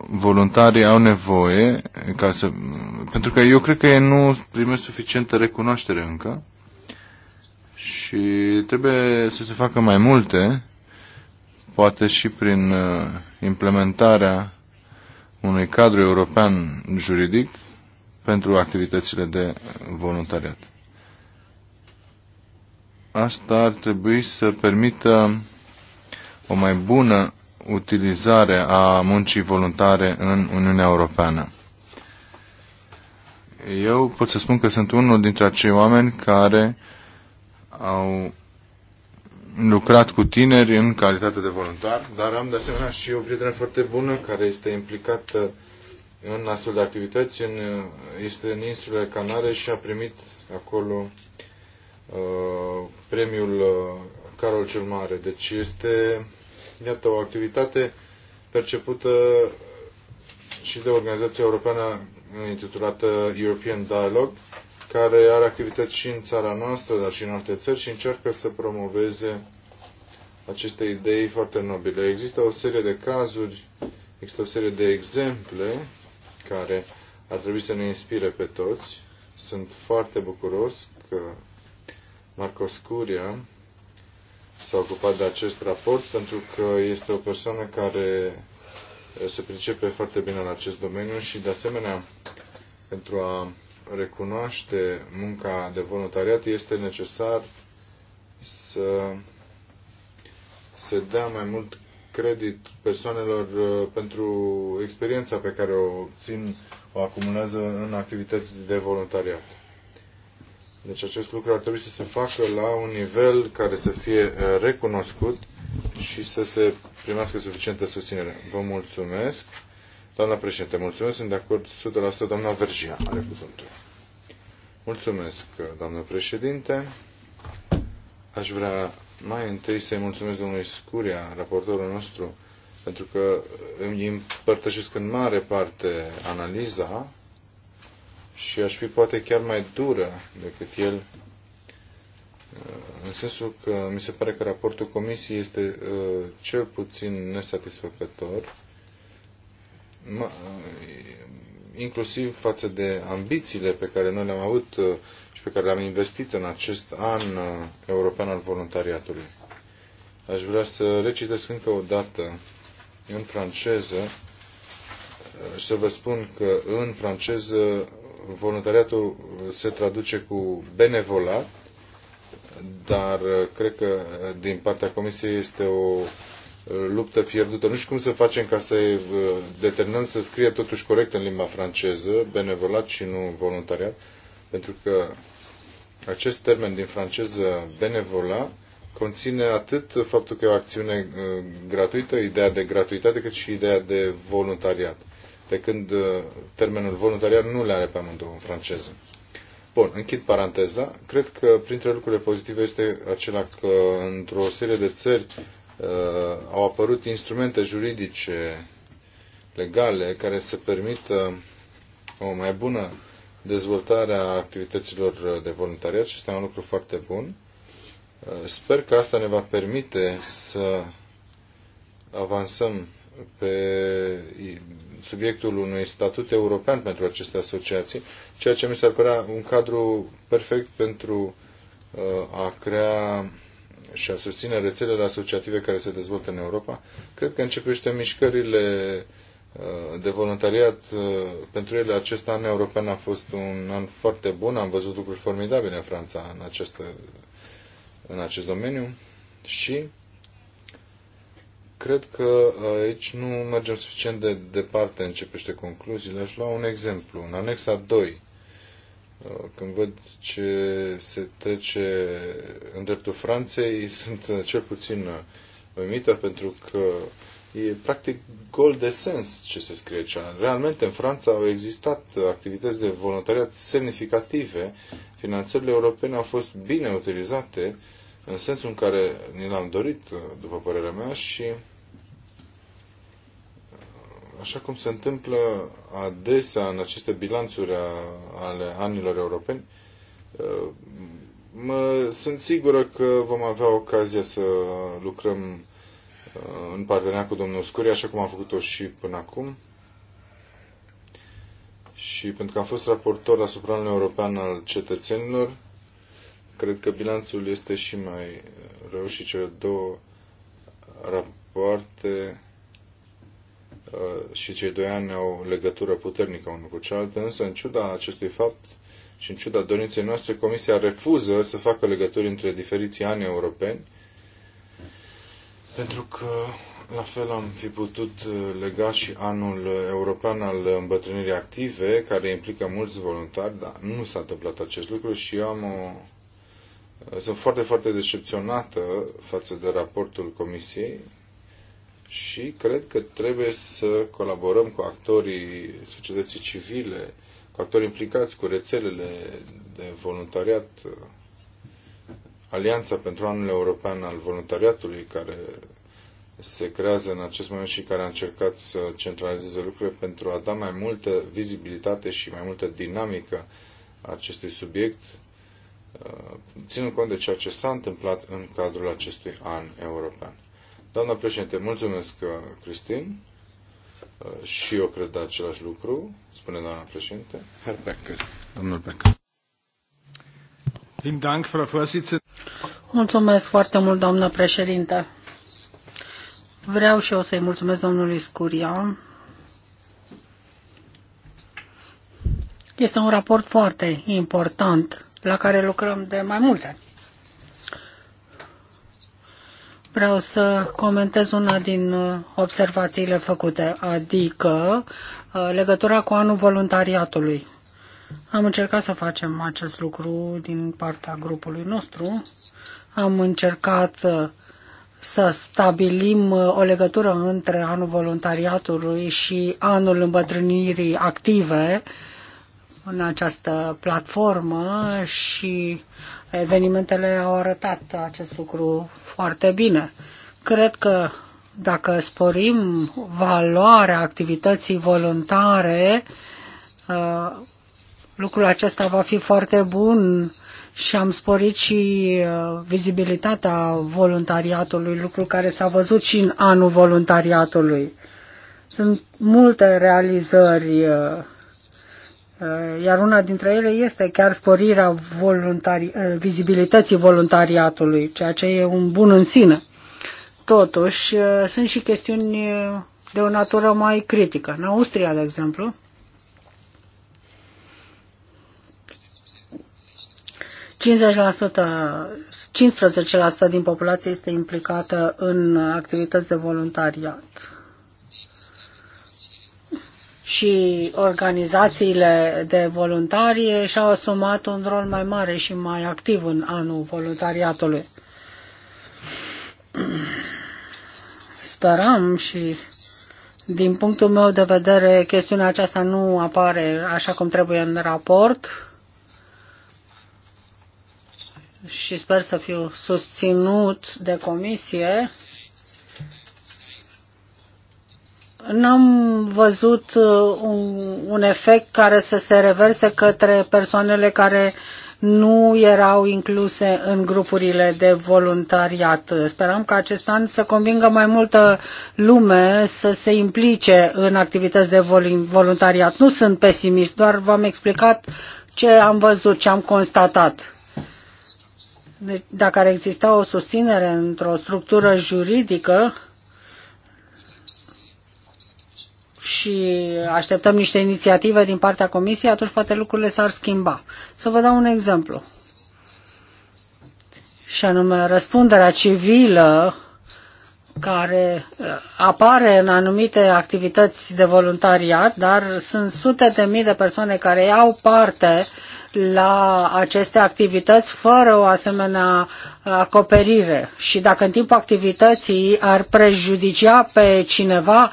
Speaker 3: voluntarii au nevoie ca să, pentru că eu cred că ei nu primesc suficientă recunoaștere încă și trebuie să se facă mai multe, poate și prin uh, implementarea unui cadru european juridic pentru activitățile de voluntariat. Asta ar trebui să permită o mai bună utilizare a muncii voluntare în Uniunea Europeană. Eu pot să spun că sunt unul dintre acei oameni care au lucrat cu tineri în calitate de voluntar, dar am de asemenea și o prietenă foarte bună care este implicată în astfel de activități, în, este în insulele Canare și a primit acolo uh, premiul uh, Carol cel Mare. Deci este destinată o activitate percepută și de Organizația Europeană intitulată European Dialogue, care are activități și în țara noastră, dar și în alte țări și încearcă să promoveze aceste idei foarte nobile. Există o serie de cazuri, există o serie de exemple care ar trebui să ne inspire pe toți. Sunt foarte bucuros că Marcos Curia s-a ocupat de acest raport, pentru că este o persoană care eh, se pricepe foarte bine în acest domeniu și, de asemenea, pentru a recunoaște munca de voluntariat, este necesar să se dea mai mult credit persoanelor eh, pentru experiența pe care o obțin, o acumulează în activități de voluntariat. Deci acest lucru ar trebui să se facă la un nivel care să fie uh, recunoscut și să se primească suficientă susținere. Vă mulțumesc. Doamna președinte, mulțumesc. Sunt de acord 100%. Doamna Vergia are cuvântul. Mulțumesc, uh, doamnă președinte. Aș vrea mai întâi să-i mulțumesc domnului Scuria, raportorul nostru, pentru că îmi împărtășesc în mare parte analiza și aș fi poate chiar mai dură decât el, în sensul că mi se pare că raportul comisiei este uh, cel puțin nesatisfăcător, uh, inclusiv față de ambițiile pe care noi le-am avut uh, și pe care le-am investit în acest an european al voluntariatului. Aș vrea să recitesc încă o dată în franceză și să vă spun că în franceză voluntariatul uh, se traduce cu benevolat, dar uh, cred că uh, din partea Comisiei este o luptă pierdută. Nu știu cum să facem ca să determinăm să scrie totuși corect în limba franceză, benevolat și nu voluntariat, pentru că acest termen din franceză benevolat conține atât faptul că e o acțiune gratuită, ideea de gratuitate, cât și ideea de voluntariat pe când uh, termenul voluntariat nu le are pe amândouă în franceză. Bun, închid paranteza. Cred că printre lucrurile pozitive este acela că într-o serie de țări uh, au apărut instrumente juridice legale care să permită o mai bună dezvoltare a activităților de voluntariat și este un lucru foarte bun. Uh, sper că asta ne va permite să avansăm pe subiectul unui statut european pentru aceste asociații, ceea ce mi s-ar părea un cadru perfect pentru uh, a crea și a susține rețelele asociative care se dezvoltă în Europa. Cred că începește mișcările uh, de voluntariat. Uh, pentru ele acest an european a fost un an foarte bun. Am văzut lucruri formidabile în Franța în, această, în acest domeniu și Cred că uh, aici nu mergem suficient de departe în ce privește concluziile. Aș lua un exemplu. În anexa 2, uh, când văd ce se trece în dreptul Franței, [laughs] sunt uh, cel puțin uimită pentru că e practic gol de sens ce se scrie aici. Realmente în Franța au existat activități de voluntariat semnificative, finanțările europene au fost bine utilizate în sensul în care ni l-am dorit, după părerea mea, și uh, așa cum se întâmplă adesea în aceste bilanțuri ale anilor europeni, uh, mă, sunt sigură că vom avea ocazia să lucrăm uh, în parteneriat cu domnul Scuri, așa cum am făcut-o și până acum. Și pentru că am fost raportor asupra Uniunii Europeană al cetățenilor, Cred că bilanțul este și mai uh, rău și cele două uh, rapoarte uh, și cei doi ani au legătură puternică unul cu cealaltă, însă în ciuda acestui fapt și în ciuda dorinței noastre, Comisia refuză să facă legături între diferiții ani europeni, pentru că la fel am fi putut lega și anul european al îmbătrânirii active, care implică mulți voluntari, dar nu s-a întâmplat acest lucru și eu am o sunt foarte, foarte decepționată față de raportul Comisiei și cred că trebuie să colaborăm cu actorii societății civile, cu actorii implicați, cu rețelele de voluntariat, Alianța pentru Anul European al Voluntariatului, care se creează în acest moment și care a încercat să centralizeze lucrurile pentru a da mai multă vizibilitate și mai multă dinamică acestui subiect Uh, ținând cont de ceea ce s-a întâmplat în cadrul acestui an european. Doamna președinte, mulțumesc, uh, Cristin. Uh, și eu cred același lucru, spune doamna președinte. Herr Becker, domnul Becker.
Speaker 1: Mulțumesc foarte mult, doamnă președinte. Vreau și eu să-i mulțumesc domnului Scuria. Este un raport foarte important la care lucrăm de mai mulți ani. Vreau să comentez una din uh, observațiile făcute, adică uh, legătura cu anul voluntariatului. Am încercat să facem acest lucru din partea grupului nostru. Am încercat uh, să stabilim o legătură între anul voluntariatului și anul îmbătrânirii active, uh, în această platformă și evenimentele au arătat acest lucru foarte bine. Cred că dacă sporim valoarea activității voluntare, uh, lucrul acesta va fi foarte bun și am sporit și uh, vizibilitatea voluntariatului, lucru care s-a văzut și în anul voluntariatului. Sunt multe realizări uh, Eh, iar una dintre ele este chiar sporirea voluntari, eh, vizibilității voluntariatului, ceea ce e un bun în sine. Totuși, eh, sunt și chestiuni de o natură mai critică. În Austria, de exemplu, ,15% din populație este implicată în activități de voluntariat și organizațiile de voluntari și-au asumat un rol mai mare și mai activ în anul voluntariatului. Sperăm și din punctul meu de vedere chestiunea aceasta nu apare așa cum trebuie în raport și sper să fiu susținut de comisie N-am văzut uh, un, un efect care să se reverse către persoanele care nu erau incluse în grupurile de voluntariat. Sperăm că acest an să convingă mai multă lume să se implice în activități de voluntariat. Nu sunt pesimist, doar v-am explicat ce am văzut, ce am constatat. Deci, dacă ar exista o susținere într-o structură juridică, și așteptăm niște inițiative din partea Comisiei, atunci poate lucrurile s-ar schimba. Să vă dau un exemplu. Și anume, răspunderea civilă care uh, apare în anumite activități de voluntariat, dar sunt sute de mii de persoane care iau parte la aceste activități fără o asemenea uh, acoperire. Și dacă în timpul activității ar prejudicia pe cineva,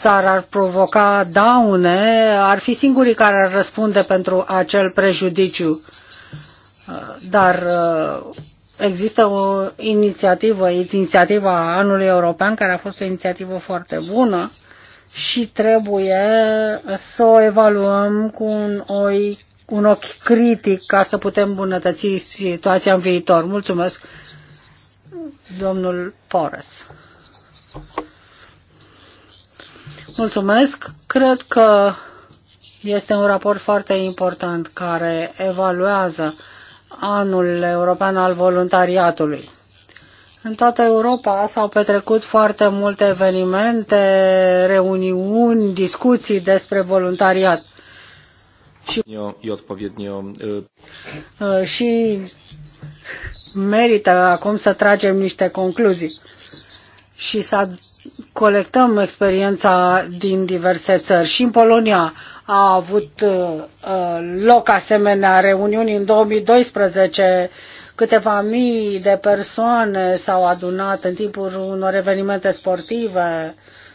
Speaker 1: s-ar ar provoca daune, ar fi singurii care ar răspunde pentru acel prejudiciu. Uh, dar uh, există o inițiativă, inițiativa anului european, care a fost o inițiativă foarte bună și trebuie să o evaluăm cu un, oi, un ochi critic ca să putem îmbunătăți situația în viitor. Mulțumesc, domnul Pores. Mulțumesc. Cred că este un raport foarte important care evaluează anul european al voluntariatului. În toată Europa s-au petrecut foarte multe evenimente, reuniuni, discuții despre voluntariat. Și, uh, și merită acum să tragem niște concluzii și să colectăm experiența din diverse țări. Și în Polonia a avut uh, uh, loc asemenea reuniuni în 2012. Câteva mii de persoane s-au adunat în timpul unor evenimente sportive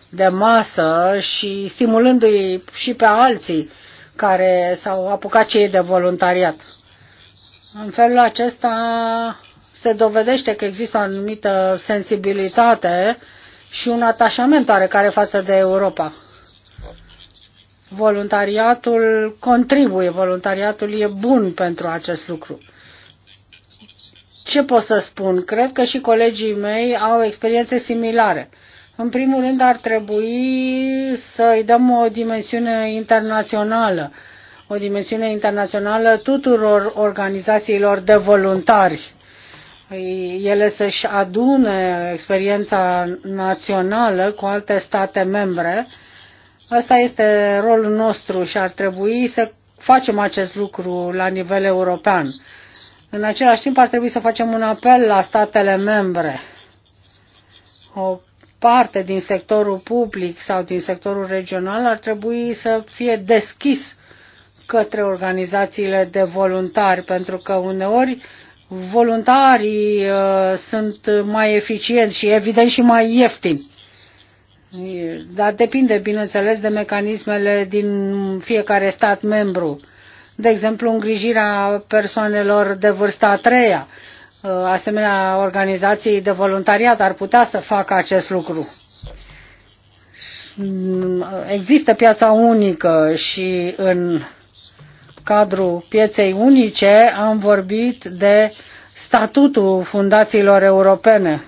Speaker 1: de masă și stimulându-i și pe alții care s-au apucat cei de voluntariat. În felul acesta se dovedește că există o anumită sensibilitate și un atașament oarecare față de Europa. Voluntariatul contribuie, voluntariatul e bun pentru acest lucru. Ce pot să spun? Cred că și colegii mei au experiențe similare. În primul rând ar trebui să îi dăm o dimensiune internațională, o dimensiune internațională tuturor organizațiilor de voluntari ele să-și adune experiența națională cu alte state membre. Asta este rolul nostru și ar trebui să facem acest lucru la nivel european. În același timp ar trebui să facem un apel la statele membre. O parte din sectorul public sau din sectorul regional ar trebui să fie deschis către organizațiile de voluntari, pentru că uneori voluntarii uh, sunt mai eficienți și evident și mai ieftini. Dar depinde, bineînțeles, de mecanismele din fiecare stat membru. De exemplu, îngrijirea persoanelor de vârsta a treia. Uh, asemenea, organizații de voluntariat ar putea să facă acest lucru. Există piața unică și în cadrul pieței unice am vorbit de statutul fundațiilor europene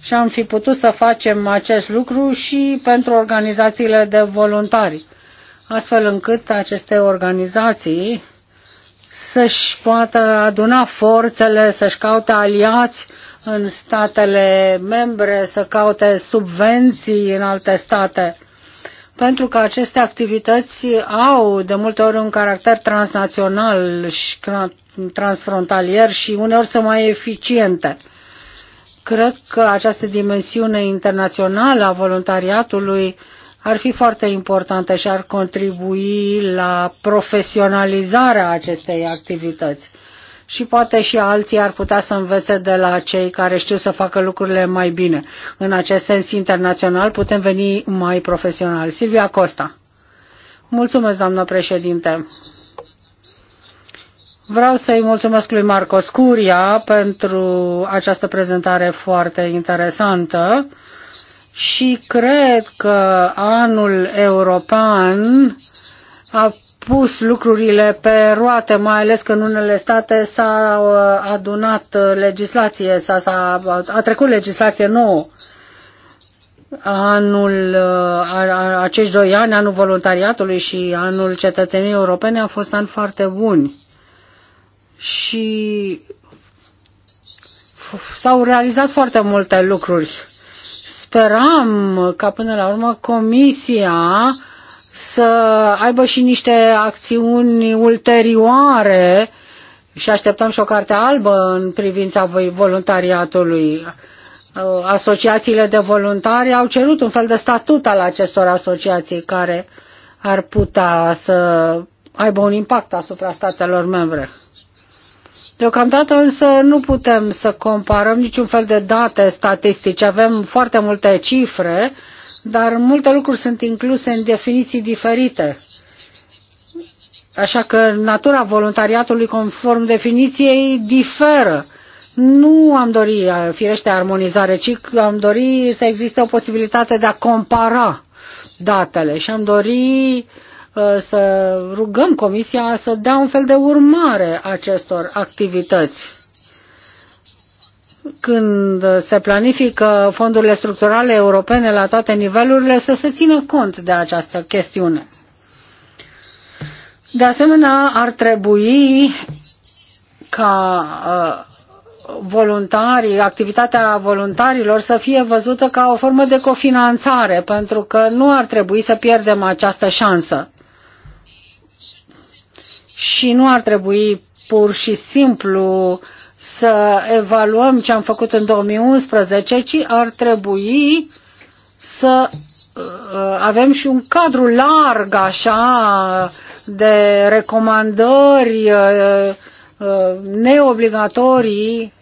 Speaker 1: și am fi putut să facem acest lucru și pentru organizațiile de voluntari, astfel încât aceste organizații să-și poată aduna forțele, să-și caute aliați în statele membre, să caute subvenții în alte state pentru că aceste activități au de multe ori un caracter transnațional și transfrontalier și uneori sunt mai eficiente. Cred că această dimensiune internațională a voluntariatului ar fi foarte importantă și ar contribui la profesionalizarea acestei activități și poate și alții ar putea să învețe de la cei care știu să facă lucrurile mai bine. În acest sens internațional putem veni mai profesional. Silvia Costa. Mulțumesc, doamnă președinte. Vreau să-i mulțumesc lui Marcos Curia pentru această prezentare foarte interesantă și cred că anul european a pus lucrurile pe roate, mai ales că în unele state s-a uh, adunat uh, legislație, s-a, s-a, a trecut legislație nouă. Anul, uh, a, acești doi ani, anul voluntariatului și anul cetățeniei europene au fost ani foarte buni. Și s-au realizat foarte multe lucruri. Speram ca până la urmă Comisia uh, să aibă și niște acțiuni ulterioare și așteptăm și o carte albă în privința voluntariatului. Uh, asociațiile de voluntari au cerut un fel de statut al acestor asociații care ar putea să aibă un impact asupra statelor membre. Deocamdată însă nu putem să comparăm niciun fel de date statistice. Avem foarte multe cifre, dar multe lucruri sunt incluse în definiții diferite. Așa că natura voluntariatului conform definiției diferă. Nu am dori firește armonizare, ci am dori să existe o posibilitate de a compara datele și am dori uh, să rugăm Comisia să dea un fel de urmare acestor activități când se planifică fondurile structurale europene la toate nivelurile, să se țină cont de această chestiune. De asemenea, ar trebui ca uh, voluntarii, activitatea voluntarilor să fie văzută ca o formă de cofinanțare, pentru că nu ar trebui să pierdem această șansă. Și nu ar trebui pur și simplu să evaluăm ce am făcut în 2011, ci ar trebui să uh, avem și un cadru larg așa de recomandări uh, uh, neobligatorii.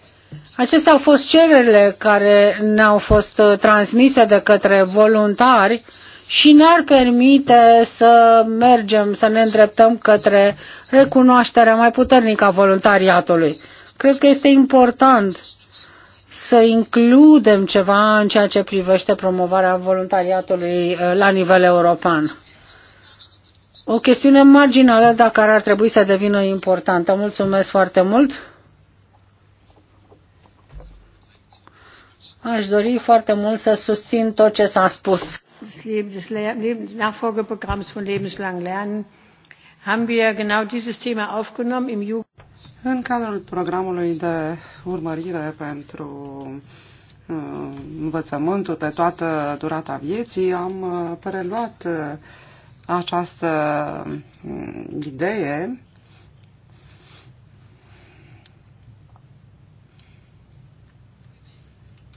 Speaker 1: Acestea au fost cererile care ne-au fost transmise de către voluntari și ne-ar permite să mergem, să ne îndreptăm către recunoașterea mai puternică a voluntariatului. Cred că este important să includem ceva în ceea ce privește promovarea voluntariatului uh, la nivel european. O chestiune marginală, dar care ar trebui să devină importantă. Mulțumesc foarte mult! Aș dori foarte mult să susțin tot ce s-a spus. Nachfolgeprogramms von Lebenslang Lernen haben wir genau dieses Thema aufgenommen im Jugend
Speaker 2: în cadrul programului de urmărire pentru uh, învățământul pe toată durata vieții, am uh, preluat uh, această mm, idee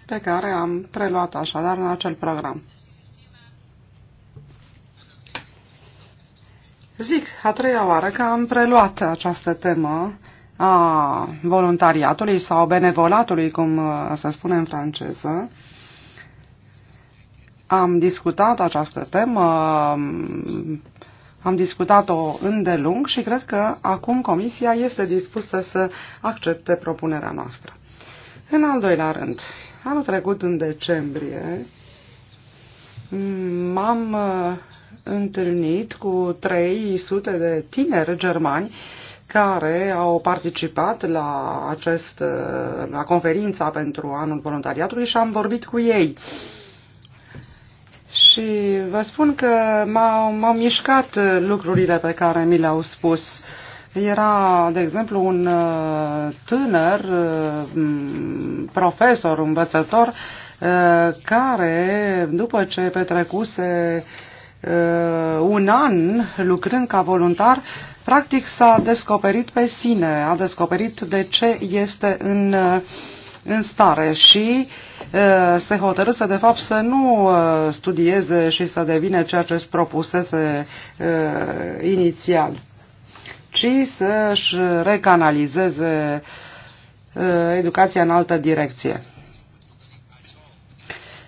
Speaker 2: pe care am preluat așadar în acel program. Zic, a treia oară că am preluat această temă a voluntariatului sau benevolatului, cum uh, se spune în franceză. Am discutat această temă, um, am discutat-o îndelung și cred că acum Comisia este dispusă să accepte propunerea noastră. În al doilea rând, anul trecut, în decembrie, m-am uh, întâlnit cu 300 de tineri germani care au participat la, acest, la conferința pentru anul voluntariatului și am vorbit cu ei. Și vă spun că m-au mișcat lucrurile pe care mi le-au spus. Era, de exemplu, un uh, tânăr uh, profesor, învățător, uh, care, după ce petrecuse un an lucrând ca voluntar, Practic s-a descoperit pe sine, a descoperit de ce este în, în stare și se hotărâse de fapt să nu studieze și să devine ceea ce îți propusese inițial, ci să-și recanalizeze educația în altă direcție.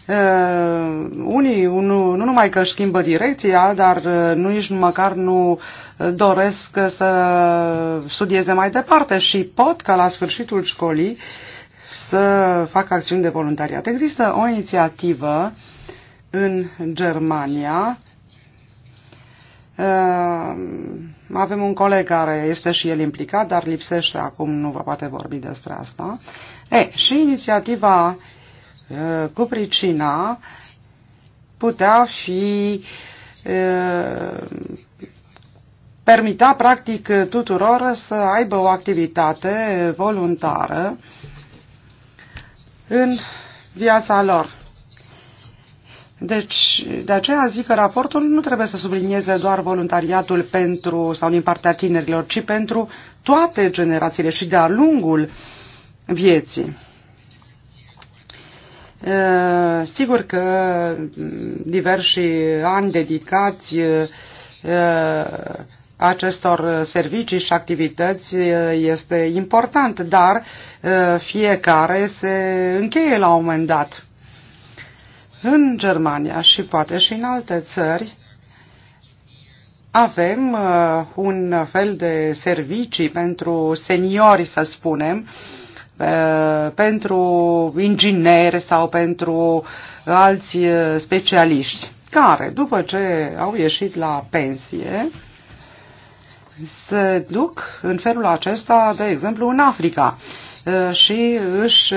Speaker 2: Uh, unii nu, nu numai că își schimbă direcția, dar nu uh, nici măcar nu doresc să studieze mai departe și pot ca la sfârșitul școlii să facă acțiuni de voluntariat. Există o inițiativă în Germania. Uh, avem un coleg care este și el implicat, dar lipsește acum, nu vă poate vorbi despre asta. E, și inițiativa uh, Uh, cu pricina putea fi uh, permita practic tuturor să aibă o activitate voluntară în viața lor. Deci, de aceea zic că raportul nu trebuie să sublinieze doar voluntariatul pentru sau din partea tinerilor, ci pentru toate generațiile și de-a lungul vieții. Sigur că diversi ani dedicați acestor servicii și activități este important, dar fiecare se încheie la un moment dat. În Germania și poate și în alte țări avem un fel de servicii pentru seniori, să spunem, Eh, pentru ingineri sau pentru alți eh, specialiști, care, după ce au ieșit la pensie, se duc în felul acesta, de exemplu, în Africa eh, și își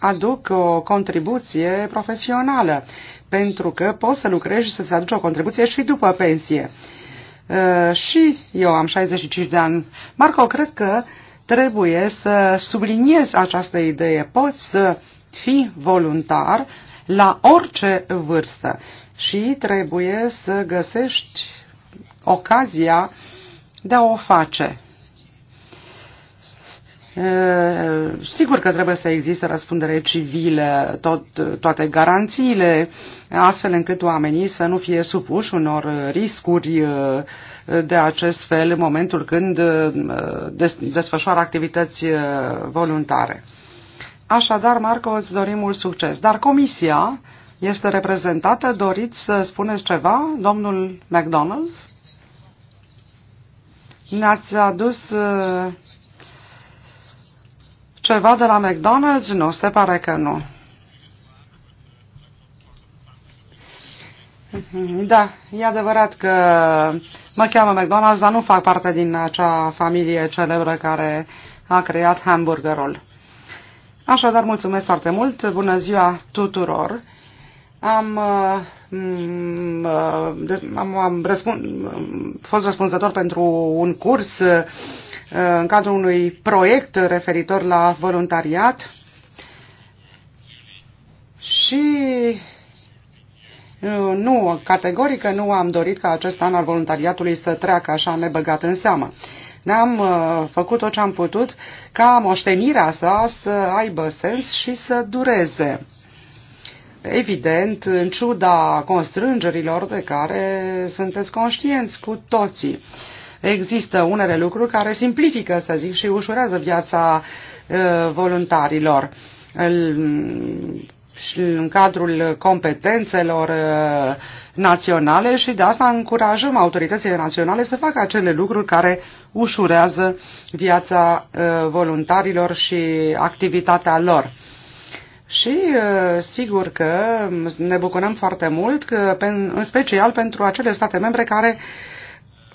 Speaker 2: aduc o contribuție profesională, pentru că poți să lucrezi și să-ți aduci o contribuție și după pensie. Și eu am 65 de ani. Marco, cred că trebuie să subliniez această idee. Poți să fii voluntar la orice vârstă și trebuie să găsești ocazia de a o face. Sigur că trebuie să existe răspundere civilă, tot, toate garanțiile, astfel încât oamenii să nu fie supuși unor riscuri de acest fel în momentul când desfășoară activități voluntare. Așadar, Marco, îți dorim mult succes. Dar comisia este reprezentată. Doriți să spuneți ceva, domnul McDonald's? Ne-ați adus ceva de la McDonald's? Nu, se pare că nu. Da, e adevărat că mă cheamă McDonald's, dar nu fac parte din acea familie celebră care a creat hamburgerul. Așadar, mulțumesc foarte mult, bună ziua tuturor! Uh, uh, am, am, am răspund, fost răspunzător pentru un curs uh, în cadrul unui proiect referitor la voluntariat și nu, categorică nu am dorit ca acest an al voluntariatului să treacă așa nebăgat în seamă. Ne-am făcut tot ce am putut ca moștenirea sa să aibă sens și să dureze evident, în ciuda constrângerilor de care sunteți conștienți cu toții. Există unele lucruri care simplifică, să zic, și ușurează viața uh, voluntarilor. În cadrul competențelor uh, naționale și de asta încurajăm autoritățile naționale să facă acele lucruri care ușurează viața uh, voluntarilor și activitatea lor și uh, sigur că ne bucurăm foarte mult, că, în special pentru acele state membre care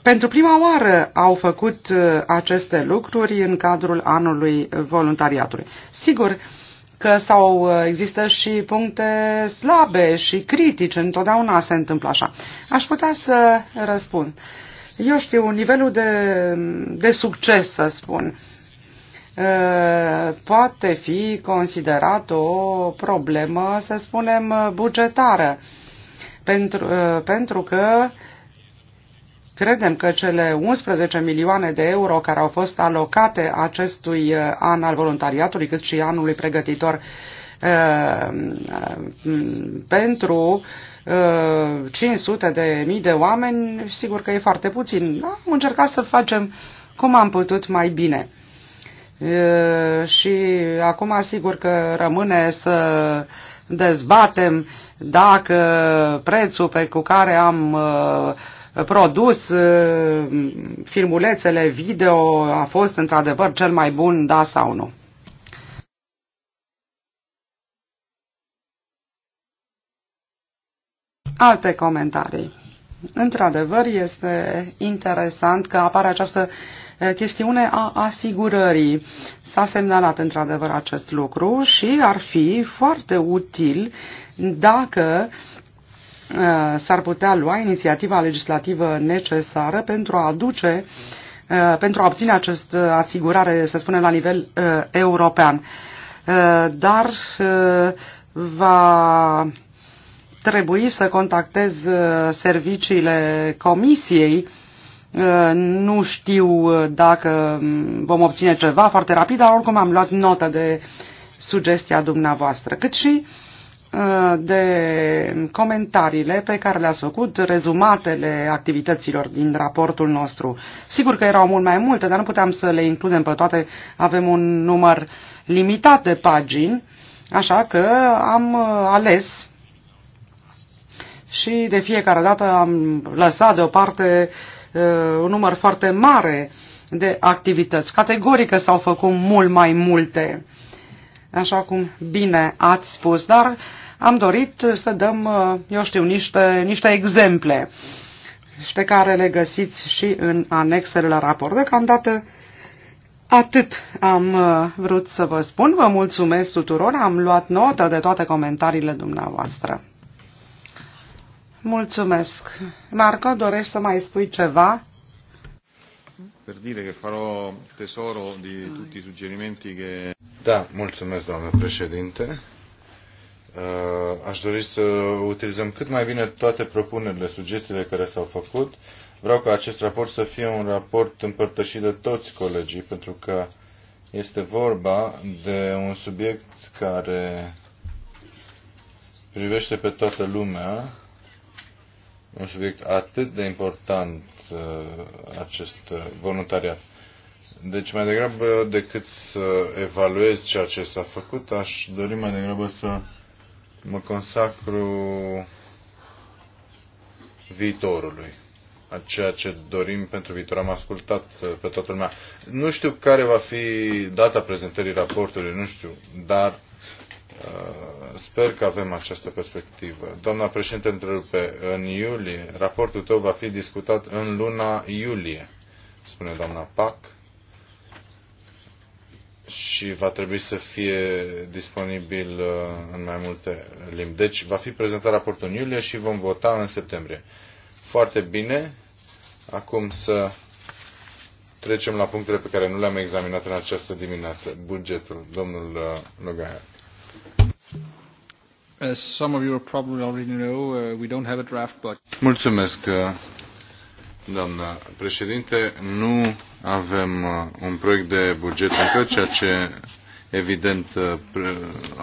Speaker 2: pentru prima oară au făcut uh, aceste lucruri în cadrul anului voluntariatului. Sigur că sau uh, există și puncte slabe și critice, întotdeauna se întâmplă așa. Aș putea să răspund. Eu știu, nivelul de, de succes, să spun, poate fi considerat o problemă, să spunem, bugetară, pentru, pentru că Credem că cele 11 milioane de euro care au fost alocate acestui an al voluntariatului, cât și anului pregătitor pentru 500 de mii de oameni, sigur că e foarte puțin. Am încercat să facem cum am putut mai bine și acum asigur că rămâne să dezbatem dacă prețul pe cu care am produs filmulețele video a fost într-adevăr cel mai bun, da sau nu. Alte comentarii. Într-adevăr, este interesant că apare această uh, Eh, chestiune a asigurării. S-a semnalat într-adevăr acest lucru și ar fi foarte util dacă eh, s-ar putea lua inițiativa legislativă necesară pentru a aduce, eh, pentru a obține această asigurare, să spunem, la nivel european. Dar va trebui să contactez serviciile Comisiei Uh, nu știu uh, dacă um, vom obține ceva foarte rapid, dar oricum am luat notă de sugestia dumneavoastră, cât și uh, de comentariile pe care le-ați făcut, rezumatele activităților din raportul nostru. Sigur că erau mult mai multe, dar nu puteam să le includem pe toate. Avem un număr limitat de pagini, așa că am ales și de fiecare dată am lăsat deoparte uh, Uh, un număr foarte mare de activități. Categoric s-au făcut mult mai multe, așa cum bine ați spus, dar am dorit să dăm, uh, eu știu, niște, niște exemple și pe care le găsiți și în anexele la raport. Deocamdată atât am uh, vrut să vă spun. Vă mulțumesc tuturor, am luat notă de toate comentariile dumneavoastră. Mulțumesc. Marco, dorești să mai spui ceva? Per
Speaker 3: dire che farò tesoro di tutti i suggerimenti che... Da, mulțumesc, doamnă președinte. Uh, aș dori să utilizăm cât mai bine toate propunerile, sugestiile care s-au făcut. Vreau ca acest raport să fie un raport împărtășit de toți colegii, pentru că este vorba de un subiect care privește pe toată lumea un subiect atât de important uh, acest uh, voluntariat. Deci mai degrabă decât să evaluez ceea ce s-a făcut, aș dori mai degrabă să mă consacru viitorului. A ceea ce dorim pentru viitor. Am ascultat uh, pe toată lumea. Nu știu care va fi data prezentării raportului, nu știu, dar Uh, sper că avem această perspectivă. Doamna președinte, întrerupe, în iulie, raportul tău va fi discutat în luna iulie, spune doamna Pac, și va trebui să fie disponibil uh, în mai multe limbi. Deci va fi prezentat raportul în iulie și vom vota în septembrie. Foarte bine. Acum să trecem la punctele pe care nu le-am examinat în această dimineață. Bugetul, domnul uh, Logaia. As some of you probably already know, uh, we don't have a draft budget. Mulțumesc, uh, doamna președinte. Nu avem uh, un proiect de buget încă, ceea ce evident uh,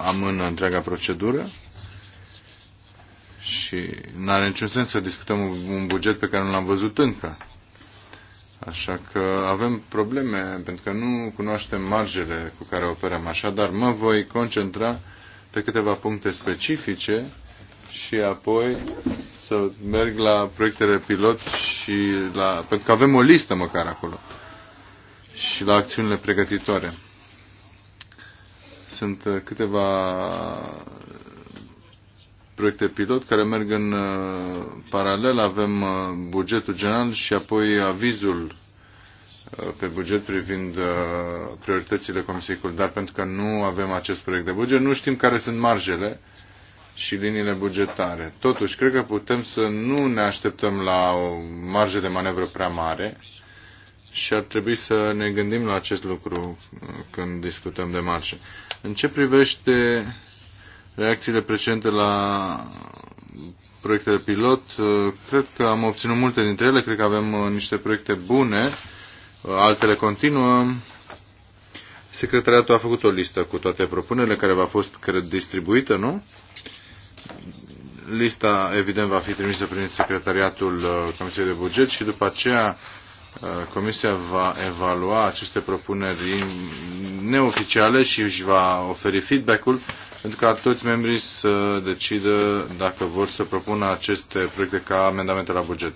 Speaker 3: amână întreaga procedură și n are niciun sens să discutăm un buget pe care nu l-am văzut încă. Așa că avem probleme pentru că nu cunoaștem marjele cu care operăm. Așadar, mă voi concentra pe câteva puncte specifice și apoi să merg la proiectele pilot și la... pentru că avem o listă măcar acolo și la acțiunile pregătitoare. Sunt câteva proiecte pilot care merg în uh, paralel. Avem uh, bugetul general și apoi avizul uh, pe buget privind prioritățile Comisiei dar pentru că nu avem acest proiect de buget, nu știm care sunt marjele și liniile bugetare. Totuși, cred că putem să nu ne așteptăm la o marjă de manevră prea mare și ar trebui să ne gândim la acest lucru când discutăm de marjă. În ce privește reacțiile precedente la proiectele pilot. Uh, cred că am obținut multe dintre ele, cred că avem uh, niște proiecte bune, uh, altele continuă. Secretariatul a făcut o listă cu toate propunerile care v-a fost, cred, distribuită, nu? Lista, evident, va fi trimisă prin secretariatul Comisiei de Buget și după aceea Comisia va evalua aceste propuneri neoficiale și își va oferi feedback-ul pentru ca toți membrii să decidă dacă vor să propună aceste proiecte ca amendamente la buget.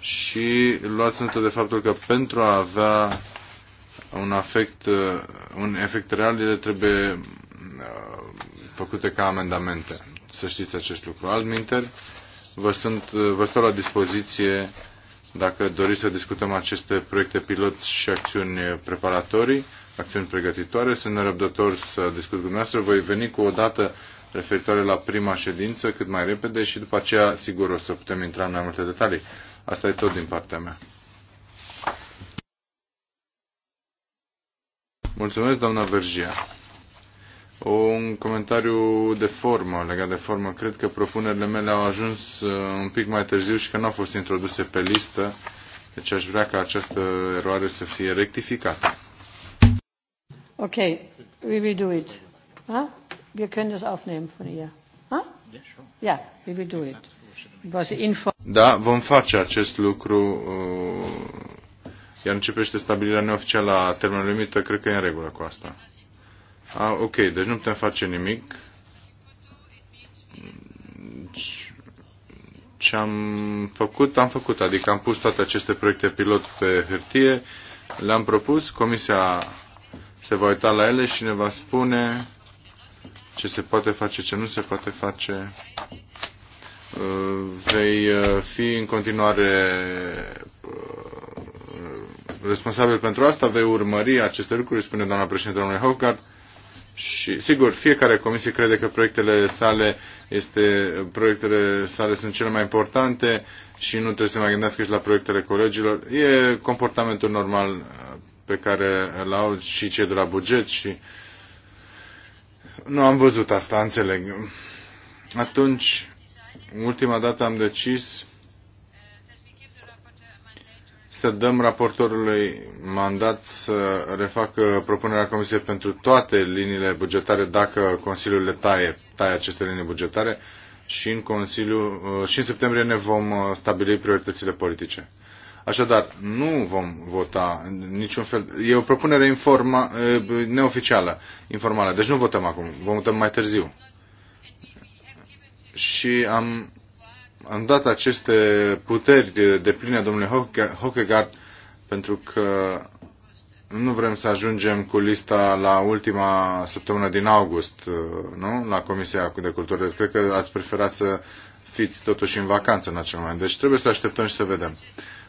Speaker 3: Și luați notă de faptul că pentru a avea un efect, un efect real, ele trebuie uh, făcute ca amendamente. Să știți acest lucru. Altminter, vă, sunt, vă stau la dispoziție dacă doriți să discutăm aceste proiecte pilot și acțiuni preparatorii acțiuni pregătitoare. Sunt nerăbdător să discut cu dumneavoastră. Voi veni cu o dată referitoare la prima ședință cât mai repede și după aceea, sigur, o să putem intra în mai multe detalii. Asta e tot din partea mea. Mulțumesc, doamna Vergia. Un comentariu de formă, legat de formă. Cred că propunerile mele au ajuns uh, un pic mai târziu și că nu au fost introduse pe listă, deci aș vrea ca această eroare să fie rectificată.
Speaker 1: Okay, we will do it. Huh? Wir können das aufnehmen von ihr. Huh? Yeah, we will do it. Was info
Speaker 3: da, vom face acest lucru. Iar uh, începește stabilirea neoficială a termenului limită, cred că e în regulă cu asta. A, ok, deci nu putem face nimic. Ce am făcut, am făcut. Adică am pus toate aceste proiecte pilot pe hârtie, le-am propus, comisia se va uita la ele și ne va spune ce se poate face, ce nu se poate face. Uh, vei uh, fi în continuare uh, responsabil pentru asta, vei urmări aceste lucruri, spune doamna președinte domnului Hogart. Și, sigur, fiecare comisie crede că proiectele sale, este, proiectele sale sunt cele mai importante și nu trebuie să mai gândească și la proiectele colegilor. E comportamentul normal pe care îl au și cei de la buget și nu am văzut asta, înțeleg. Atunci, ultima dată am decis să dăm raportorului mandat să refacă propunerea Comisiei pentru toate liniile bugetare dacă Consiliul le taie, taie aceste linii bugetare și în, Consiliu, uh, și în septembrie ne vom uh, stabili prioritățile politice. Așadar, nu vom vota niciun fel. E o propunere informa, neoficială, informală. Deci nu votăm acum, vom votăm mai târziu. Și am, am dat aceste puteri de, de pline domnului Hockegard pentru că nu vrem să ajungem cu lista la ultima săptămână din august, nu? La Comisia de Cultură. Deci cred că ați preferat să fiți totuși în vacanță în acel moment. Deci trebuie să așteptăm și să vedem.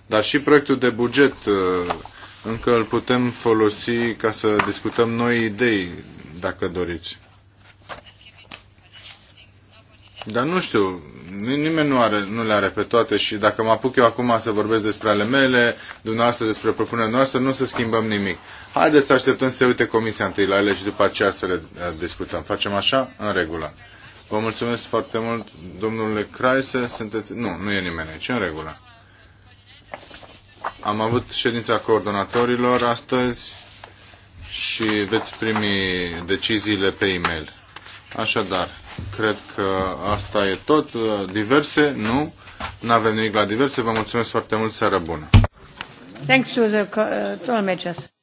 Speaker 3: Dar și proiectul de buget uh, încă îl putem folosi ca să discutăm noi idei, dacă doriți. Dar nu știu, nimeni nu, are, nu le are pe toate și dacă mă apuc eu acum să vorbesc despre ale mele, dumneavoastră despre propunerea noastră, nu să schimbăm nimic. Haideți să așteptăm să uite comisia întâi la ele și după aceea să le uh, discutăm. Facem așa? În regulă. Vă mulțumesc foarte mult, domnule Craise, sunteți... Nu, nu e nimeni aici, în regulă. Am avut ședința coordonatorilor astăzi și veți primi deciziile pe e-mail. Așadar, cred că asta e tot. Diverse? Nu? Nu avem nimic la diverse. Vă mulțumesc foarte mult. Seară bună!
Speaker 1: Thanks to the uh,